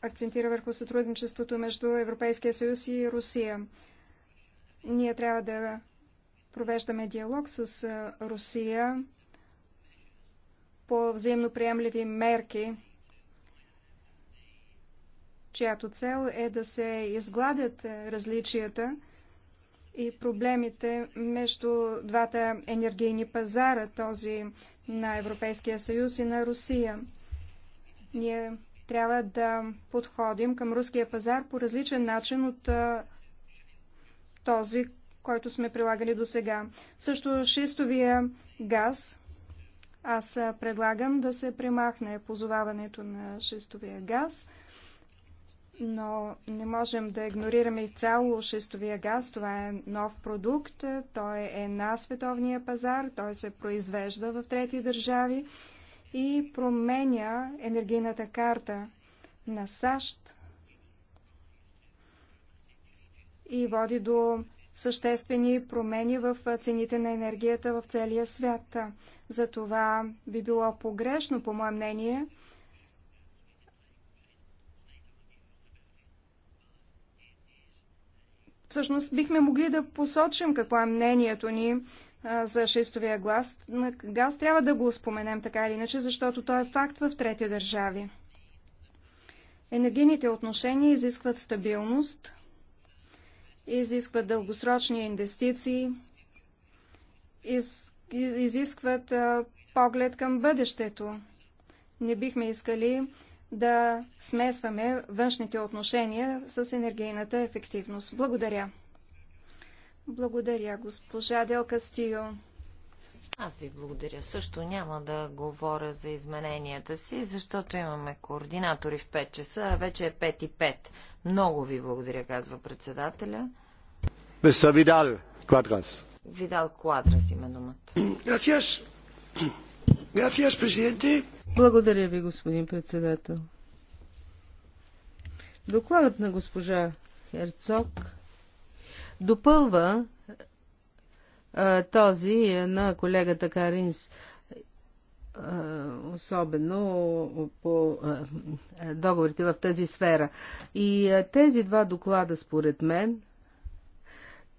Speaker 3: акцентира върху сътрудничеството между Европейския съюз и Русия. Ние трябва да провеждаме диалог с Русия по взаимно приемливи мерки, чиято цел е да се изгладят различията и проблемите между двата енергийни пазара, този на Европейския съюз и на Русия. Ние трябва да подходим към руския пазар по различен начин от този, който сме прилагали до сега. Също шистовия газ. Аз предлагам да се премахне позоваването на шистовия газ – но не можем да игнорираме цяло шестовия газ. Това е нов продукт, той е на световния пазар, той се произвежда в трети държави и променя енергийната карта на САЩ и води до съществени промени в цените на енергията в целия свят. Затова би било погрешно, по мое мнение, Всъщност бихме могли да посочим какво е мнението ни за шестовия глас. Газ трябва да го споменем така или иначе, защото той е факт в трети държави. Енергийните отношения изискват стабилност, изискват дългосрочни инвестиции, из, изискват а, поглед към бъдещето. Не бихме искали да смесваме външните отношения с енергийната ефективност. Благодаря. Благодаря, госпожа Дел Кастио.
Speaker 1: Аз ви благодаря. Също няма да говоря за измененията си, защото имаме координатори в 5 часа, а вече е 5 и 5. Много ви благодаря, казва председателя.
Speaker 3: Мистер Видал Квадрас.
Speaker 1: Видал Квадрас има думата. Грациас. Грациас, президенте.
Speaker 2: Благодаря ви, господин председател. Докладът на госпожа Херцог допълва а, този на колегата Каринс, а, особено по а, договорите в тази сфера. И а, тези два доклада, според мен,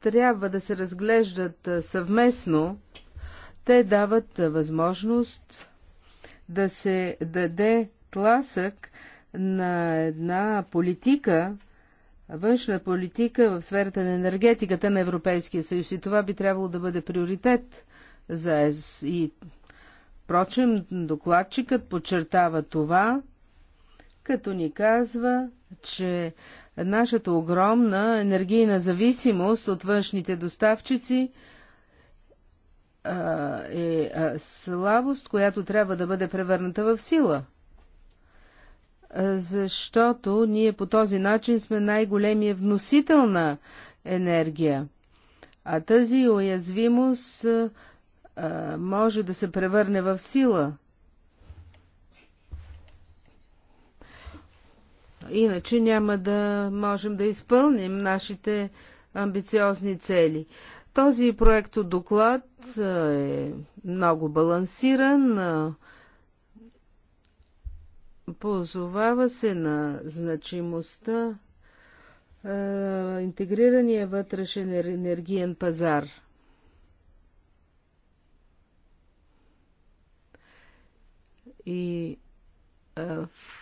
Speaker 2: трябва да се разглеждат съвместно. Те дават възможност да се даде тласък на една политика, външна политика в сферата на енергетиката на Европейския съюз и това би трябвало да бъде приоритет за ЕС. И, впрочем, докладчикът подчертава това, като ни казва, че нашата огромна енергийна зависимост от външните доставчици – е слабост, която трябва да бъде превърната в сила. Защото ние по този начин сме най-големия вносител на енергия. А тази уязвимост може да се превърне в сила. Иначе няма да можем да изпълним нашите амбициозни цели. Този проект от доклад е много балансиран, позовава се на значимостта интегрирания вътрешен енергиен пазар. И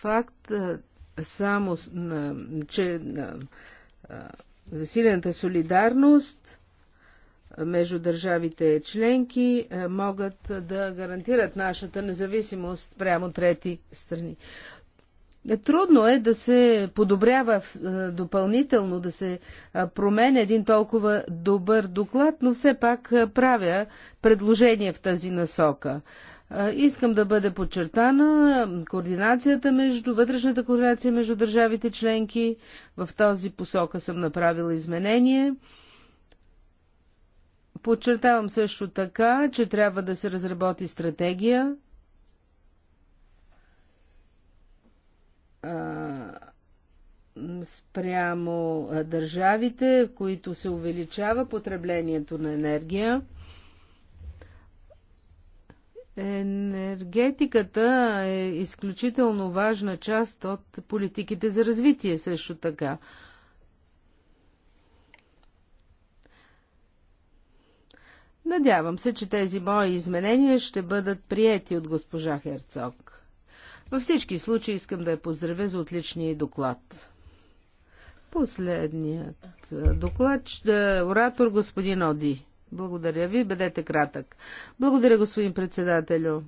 Speaker 2: факт само, че засилената солидарност между държавите членки е, могат да гарантират нашата независимост прямо трети страни. Трудно е да се подобрява е, допълнително, да се е, променя един толкова добър доклад, но все пак правя предложение в тази насока. Искам да бъде подчертана координацията между, вътрешната координация между държавите членки. В този посока съм направила изменение. Подчертавам също така, че трябва да се разработи стратегия спрямо държавите, в които се увеличава потреблението на енергия. Енергетиката е изключително важна част от политиките за развитие също така. Надявам се, че тези мои изменения ще бъдат приети от госпожа Херцог. Във всички случаи искам да я поздравя за отличния доклад. Последният доклад, оратор господин Оди. Благодаря ви, бъдете кратък. Благодаря, господин председателю.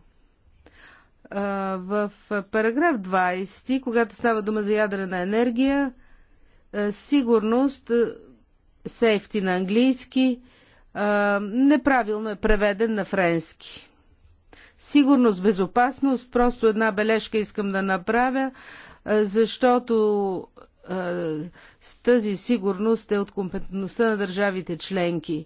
Speaker 2: В параграф 20, когато става дума за ядрена енергия, сигурност, сейфти на английски, неправилно е преведен на френски. Сигурност, безопасност, просто една бележка искам да направя, защото с тази сигурност е от компетентността на държавите членки.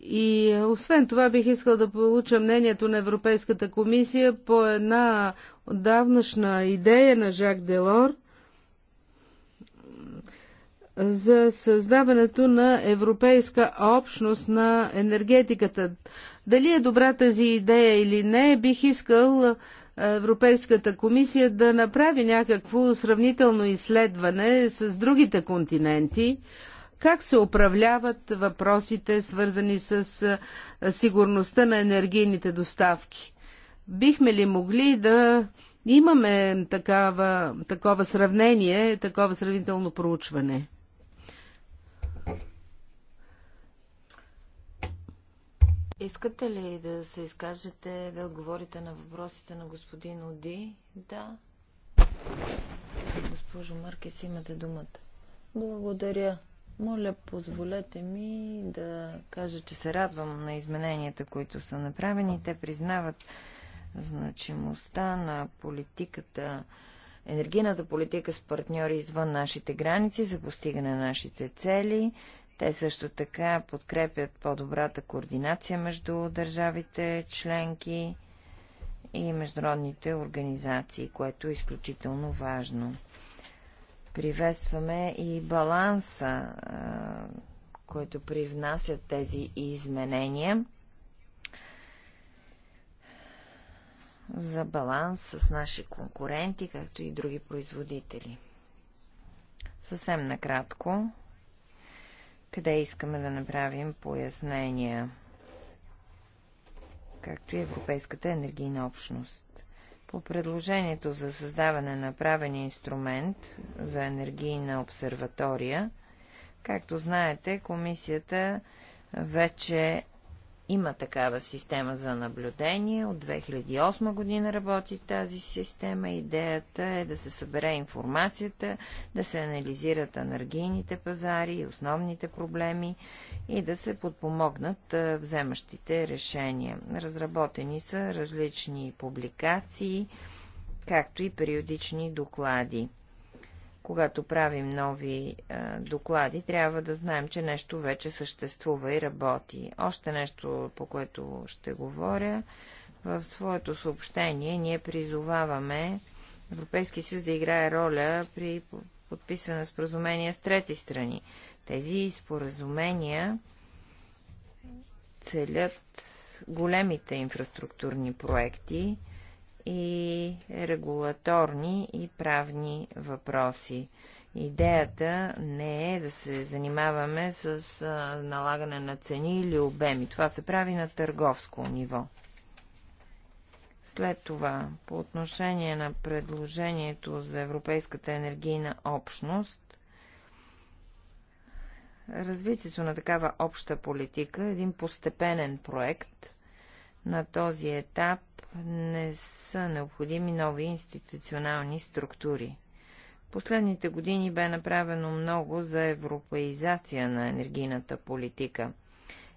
Speaker 2: И освен това бих искал да получа мнението на Европейската комисия по една отдавнашна идея на Жак Делор – за създаването на европейска общност на енергетиката. Дали е добра тази идея или не, бих искал Европейската комисия да направи някакво сравнително изследване с другите континенти, как се управляват въпросите, свързани с сигурността на енергийните доставки. Бихме ли могли да имаме такава, такова сравнение, такова сравнително проучване?
Speaker 1: Искате ли да се изкажете, да отговорите на въпросите на господин Оди? Да. Госпожо Маркес, имате думата. Благодаря. Моля, позволете ми да кажа, че се радвам на измененията, които са направени. Те признават значимостта на политиката, енергийната политика с партньори извън нашите граници за постигане на нашите цели, те също така подкрепят по-добрата координация между държавите членки и международните организации, което е изключително важно. Приветстваме и баланса, който привнасят тези изменения. за баланс с наши конкуренти, както и други производители. Съвсем накратко къде искаме да направим пояснения, както и Европейската енергийна общност. По предложението за създаване на правен инструмент за енергийна обсерватория, както знаете, комисията вече има такава система за наблюдение. От 2008 година работи тази система. Идеята е да се събере информацията, да се анализират енергийните пазари и основните проблеми и да се подпомогнат вземащите решения. Разработени са различни публикации, както и периодични доклади. Когато правим нови а, доклади, трябва да знаем, че нещо вече съществува и работи. Още нещо, по което ще говоря. В своето съобщение ние призоваваме Европейския съюз да играе роля при подписване на споразумения с трети страни. Тези споразумения целят големите инфраструктурни проекти, и регулаторни и правни въпроси. Идеята не е да се занимаваме с налагане на цени или обеми. Това се прави на търговско ниво. След това, по отношение на предложението за Европейската енергийна общност, развитието на такава обща политика е един постепенен проект. На този етап не са необходими нови институционални структури. Последните години бе направено много за европеизация на енергийната политика.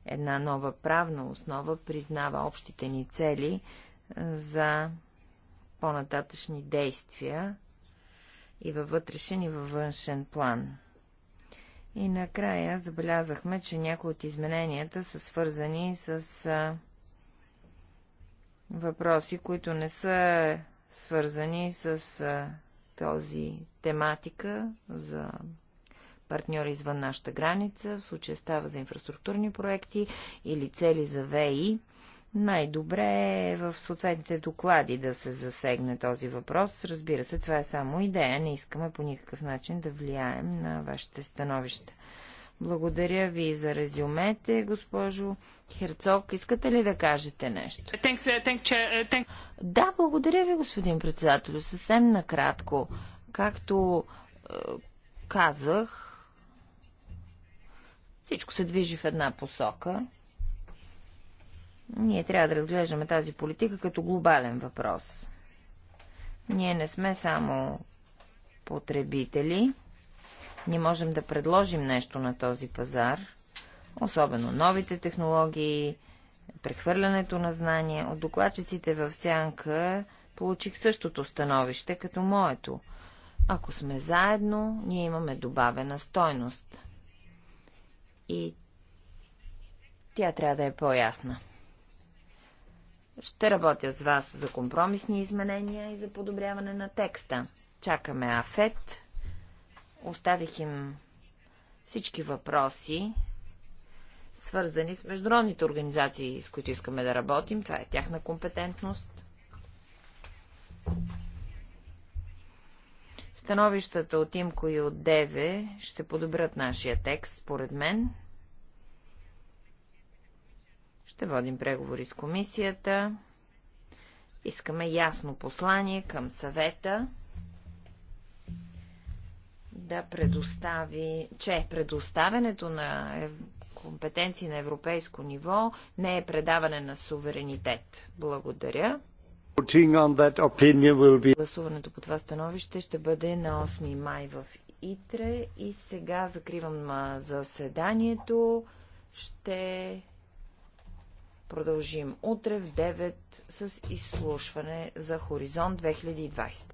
Speaker 1: Една нова правна основа признава общите ни цели за по-нататъчни действия и във вътрешен и във външен план. И накрая забелязахме, че някои от измененията са свързани с въпроси, които не са свързани с този тематика за партньори извън нашата граница, в случая става за инфраструктурни проекти или цели за ВИ, най-добре е в съответните доклади да се засегне този въпрос. Разбира се, това е само идея. Не искаме по никакъв начин да влияем на вашите становища. Благодаря ви за резюмете, госпожо Херцог. Искате ли да кажете нещо? Uh, uh, да, благодаря ви, господин председател. Съвсем накратко. Както е, казах, всичко се движи в една посока. Ние трябва да разглеждаме тази политика като глобален въпрос. Ние не сме само потребители, ние можем да предложим нещо на този пазар, особено новите технологии, прехвърлянето на знания. От докладчиците в Сянка получих същото становище, като моето. Ако сме заедно, ние имаме добавена стойност. И тя трябва да е по-ясна. Ще работя с вас за компромисни изменения и за подобряване на текста. Чакаме Афет Оставих им всички въпроси, свързани с международните организации, с които искаме да работим. Това е тяхна компетентност. Становищата от Имко и от Деве ще подобрят нашия текст, според мен. Ще водим преговори с комисията. Искаме ясно послание към съвета да предостави, че предоставянето на компетенции на европейско ниво не е предаване на суверенитет. Благодаря. Гласуването по това становище ще бъде на 8 май в Итре и сега закривам заседанието. Ще продължим утре в 9 с изслушване за Хоризонт 2020.